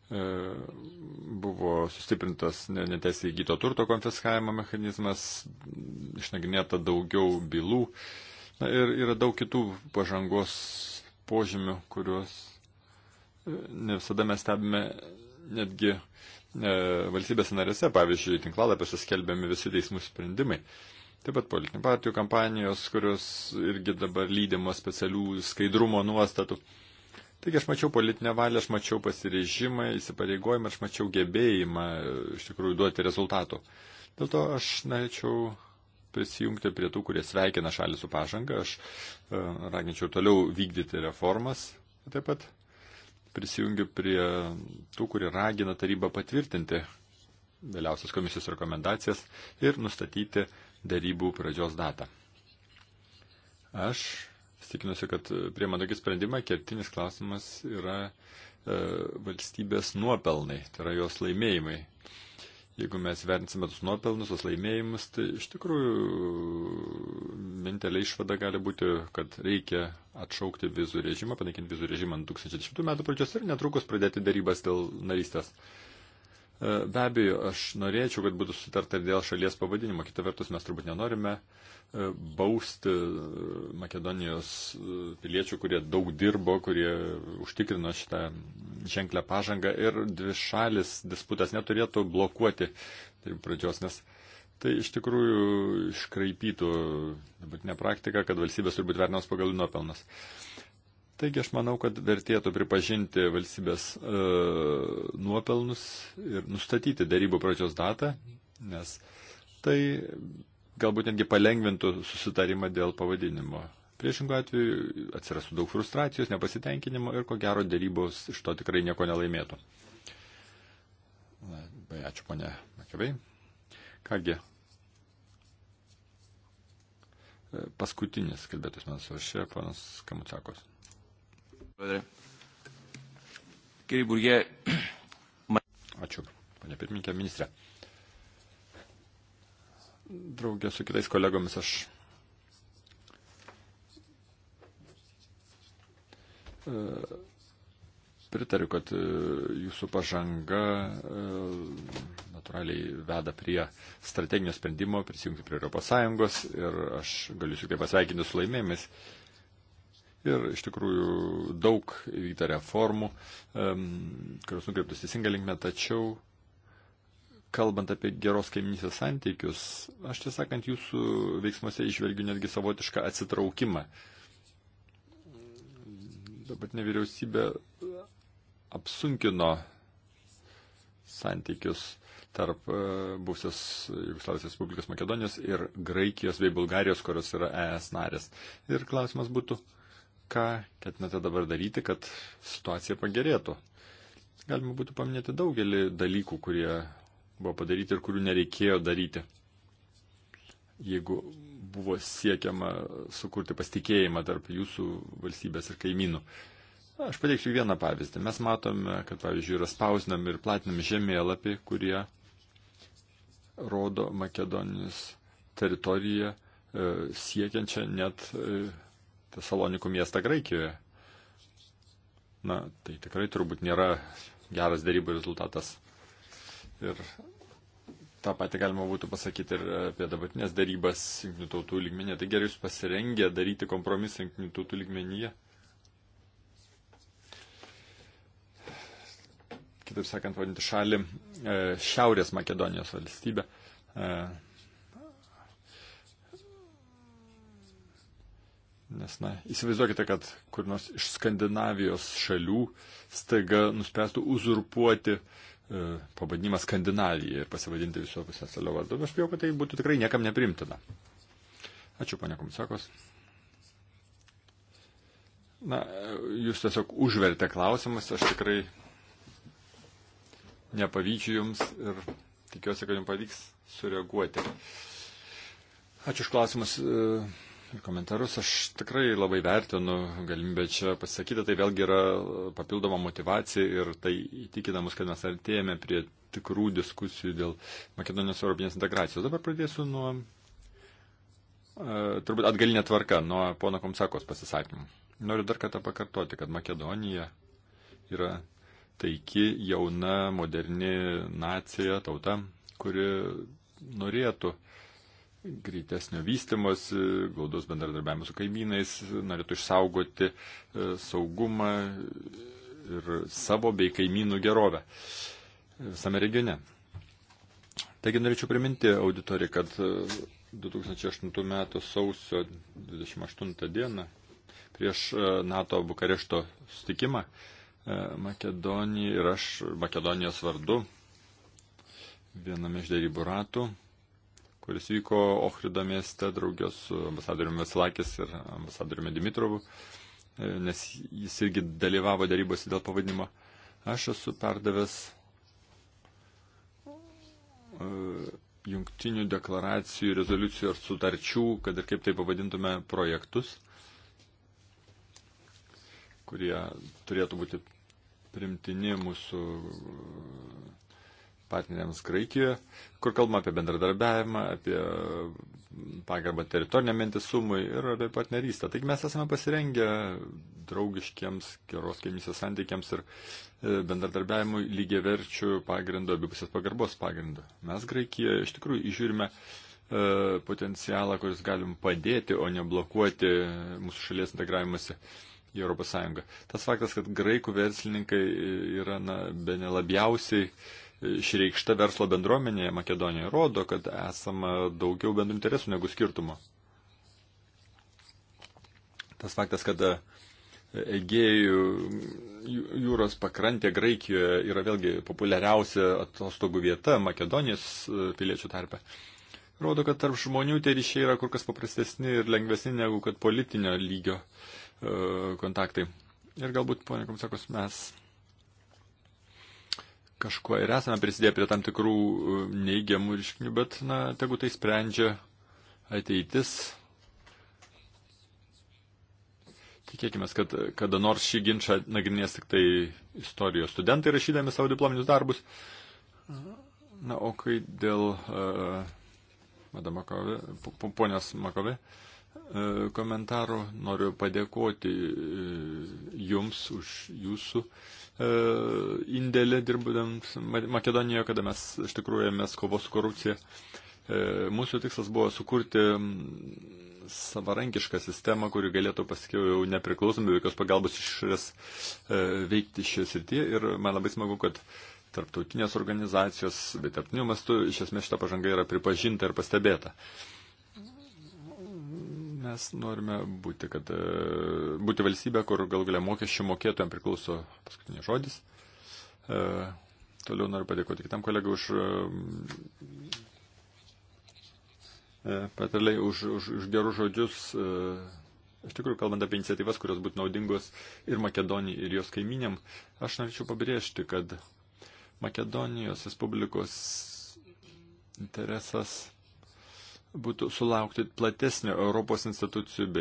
buvo sustiprintas neteisė įgyto turto konfiskavimo mechanizmas, išnagrinėta daugiau bylų. Na, ir yra daug kitų pažangos požymių, kuriuos ne visada mes stebime netgi E, valstybės narėse, pavyzdžiui, tinklalapiuose skelbiami visi teismų sprendimai. Taip pat politinių partijų kampanijos, kurios irgi dabar lydimo specialių skaidrumo nuostatų. Taigi aš mačiau politinę valią, aš mačiau pasirežimą, įsipareigojimą, aš mačiau gebėjimą e, iš tikrųjų duoti rezultatų. Dėl to aš norėčiau prisijungti prie tų, kurie sveikina šalį su pažanga. Aš e, raginčiau toliau vykdyti reformas. Taip pat prisijungiu prie tų, kurie ragina tarybą patvirtinti vėliausias komisijos rekomendacijas ir nustatyti darybų pradžios datą. Aš stikinuosi, kad prie man tokį sprendimą kertinis klausimas yra e, valstybės nuopelnai, tai yra jos laimėjimai. E, Jeigu mes vertinsime tos nuopelnus, tos laimėjimus, tai iš tikrųjų mintelė išvada gali būti, kad reikia atšaukti vizų režimą, panaikinti vizų režimą 2010 metų pradžios ir netrukus pradėti darybas dėl narystės. E, be abejo, aš norėčiau, kad būtų sutarta ir dėl šalies pavadinimo. Kita vertus, mes turbūt nenorime e, bausti e, Makedonijos piliečių, kurie daug dirbo, kurie užtikrino šitą ženklę pažangą ir dvi šalis disputas neturėtų blokuoti tai pradžios, nes tai iš tikrųjų iškraipytų dabartinę praktiką, kad valstybės turi būti vertinamos pagal nuopelnas. Uh, Taigi aš manau, kad vertėtų pripažinti valstybės e, nuopelnus ir nustatyti darybų pradžios datą, nes tai galbūt netgi palengvintų susitarimą dėl pavadinimo. Priešingų atveju atsirastų daug frustracijos, nepasitenkinimo ir ko gero darybos iš to tikrai nieko nelaimėtų. Labai ačiū, ponė Makavai. Kągi, e, paskutinis kalbėtas man su šia, ponas Kamucakos. Ačiū, ponė pirmininkė, ministrė. Draugė su kitais kolegomis aš pritariu, kad e, jūsų pažanga e, natūraliai veda prie strateginio sprendimo prisijungti prie ES ir aš galiu su kaip pasveikinti su laimėjimais, ir iš tikrųjų daug įvykta reformų, kurios nukreiptus teisinga linkme, tačiau kalbant apie geros kaiminysės santykius, aš tiesą sakant, jūsų veiksmuose išvelgiu netgi savotišką atsitraukimą. Dabartinė vyriausybė apsunkino santykius tarp e, buvusios Jugoslavijos Respublikos Makedonijos ir Graikijos bei Bulgarijos, kurios yra ES narės. Ir klausimas būtų, ką ketinate dabar daryti, kad situacija pagerėtų? Galima būtų paminėti daugelį dalykų, kurie buvo padaryti ir kurių nereikėjo daryti. Jeigu buvo siekiama sukurti pasitikėjimą tarp jūsų valstybės ir kaimynų. Aš pateiksiu vieną pavyzdį. Mes matome, kad, pavyzdžiui, yra spausinami ir platinami žemėlapiai, kurie rodo Makedonijos teritoriją e, siekiančią net e, Tesalonikų miestą Graikijoje. Na, tai tikrai turbūt nėra geras darybų rezultatas. Ir tą patį galima būtų pasakyti ir apie dabartinės darybas jungtinių tautų lygmenyje. Tai gerai jūs pasirengę daryti kompromisą jungtinių tautų lygmenyje? Kitaip sakant, vadinti šalį e, Šiaurės Makedonijos valstybę. E, Nes, na, įsivaizduokite, kad kur nors iš Skandinavijos šalių staiga nuspręstų uzurpuoti e, pavadinimą Skandinaviją ir pasivadinti viso pusėsalio vardu. Aš bijau, kad tai būtų tikrai niekam neprimtina. Ačiū, ponia Komisakos. Na, jūs tiesiog užvertė klausimus, aš tikrai nepavyčiu jums ir tikiuosi, kad jums pavyks sureaguoti. Ačiū už klausimus. E, komentarus. Aš tikrai labai vertinu galimybę čia pasakyti. Tai vėlgi yra papildoma motivacija ir tai įtikina mus, kad mes artėjame prie tikrų diskusijų dėl Makedonijos europinės integracijos. Dabar pradėsiu nuo, e, turbūt atgalinė tvarka, nuo pono Komsakos pasisakymų. Noriu dar kartą pakartoti, kad Makedonija yra taiki, jauna, moderni nacija, tauta, kuri norėtų greitesnio vystimus, glaudos bendradarbiavimo su kaimynais, norėtų išsaugoti e, saugumą ir savo bei kaimynų gerovę e, visame regione. Taigi norėčiau priminti auditoriją, kad 2008 e, m. sausio 28 d. prieš NATO Bukarešto sutikimą Makedonija ir aš Makedonijos vardu viename iš dėrybų ratų kuris vyko Ohrido mieste draugės su ambasadoriumi Veselakis ir ambasadoriumi Dimitrovu, e, nes jis irgi dalyvavo darybose dėl pavadinimo. Aš esu perdavęs e, jungtinių deklaracijų, rezoliucijų ar sutarčių, kad ir kaip tai pavadintume, projektus, kurie turėtų būti primtini mūsų partneriams Graikijoje, kur kalbama apie bendradarbiavimą, apie mm, pagarbą teritoriniam vientisumui ir apie partnerystę. Taigi mes esame pasirengę draugiškiams, geros kaimysės santykiams ir e, bendradarbiavimui lygiai verčių pagrindų, abipusės pagarbos pagrindų. Mes Graikijoje iš tikrųjų išžiūrime e, potencialą, kuris galim padėti, o ne blokuoti mūsų šalies integravimasi į Europos Sąjungą. Tas faktas, kad graikų verslininkai yra na, be nelabiausiai uh, išreikšta verslo bendruomenėje Makedonijoje rodo, kad esama daugiau bendrų interesų negu skirtumų. Tas faktas, kad Egėjų jūros pakrantė Graikijoje yra vėlgi populiariausia atostogų vieta Makedonijos e, piliečių tarpe. Rodo, kad tarp žmonių tie ryšiai yra kur kas paprastesni ir lengvesni negu kad politinio lygio e, kontaktai. Ir galbūt, ponė Komisakos, mes kažkuo ir esame prisidėję prie tam tikrų e, neįgiamų reiškinių, bet, na, tegu tai sprendžia ateitis. Tikėkime, kad kada nors šį ginčą nagrinės tik tai istorijos studentai rašydami savo diplominius darbus. Na, o kai dėl uh, Madame Makovė, ponios Makovė, e, komentarų noriu padėkoti Jums už Jūsų uh, E, indėlį dirbant Makedonijoje, kada mes iš tikrųjų mes kovos su korupcija. E, mūsų tikslas buvo sukurti savarankišką sistemą, kuri galėtų paskiau jau nepriklausomai jokios pagalbos išorės e, veikti šioje srityje. Ir man labai smagu, kad tarptautinės organizacijos, bet tarptautiniu mastu iš esmės šita pažanga yra pripažinta ir pastebėta. Uh, Mes norime būti, kad, e, būti valstybė, kur gal galia mokesčių mokėtojams priklauso paskutinis žodis. E, toliau noriu padėkoti kitam kolegai už e, e patarliai, už, už, už gerus žodžius. E, iš e, tikrųjų, kalbant apie iniciatyvas, kurios būtų naudingos ir Makedonijai, ir jos kaiminėm, aš norėčiau pabrėžti, kad Makedonijos Respublikos interesas būtų sulaukti platesnio Europos institucijų bei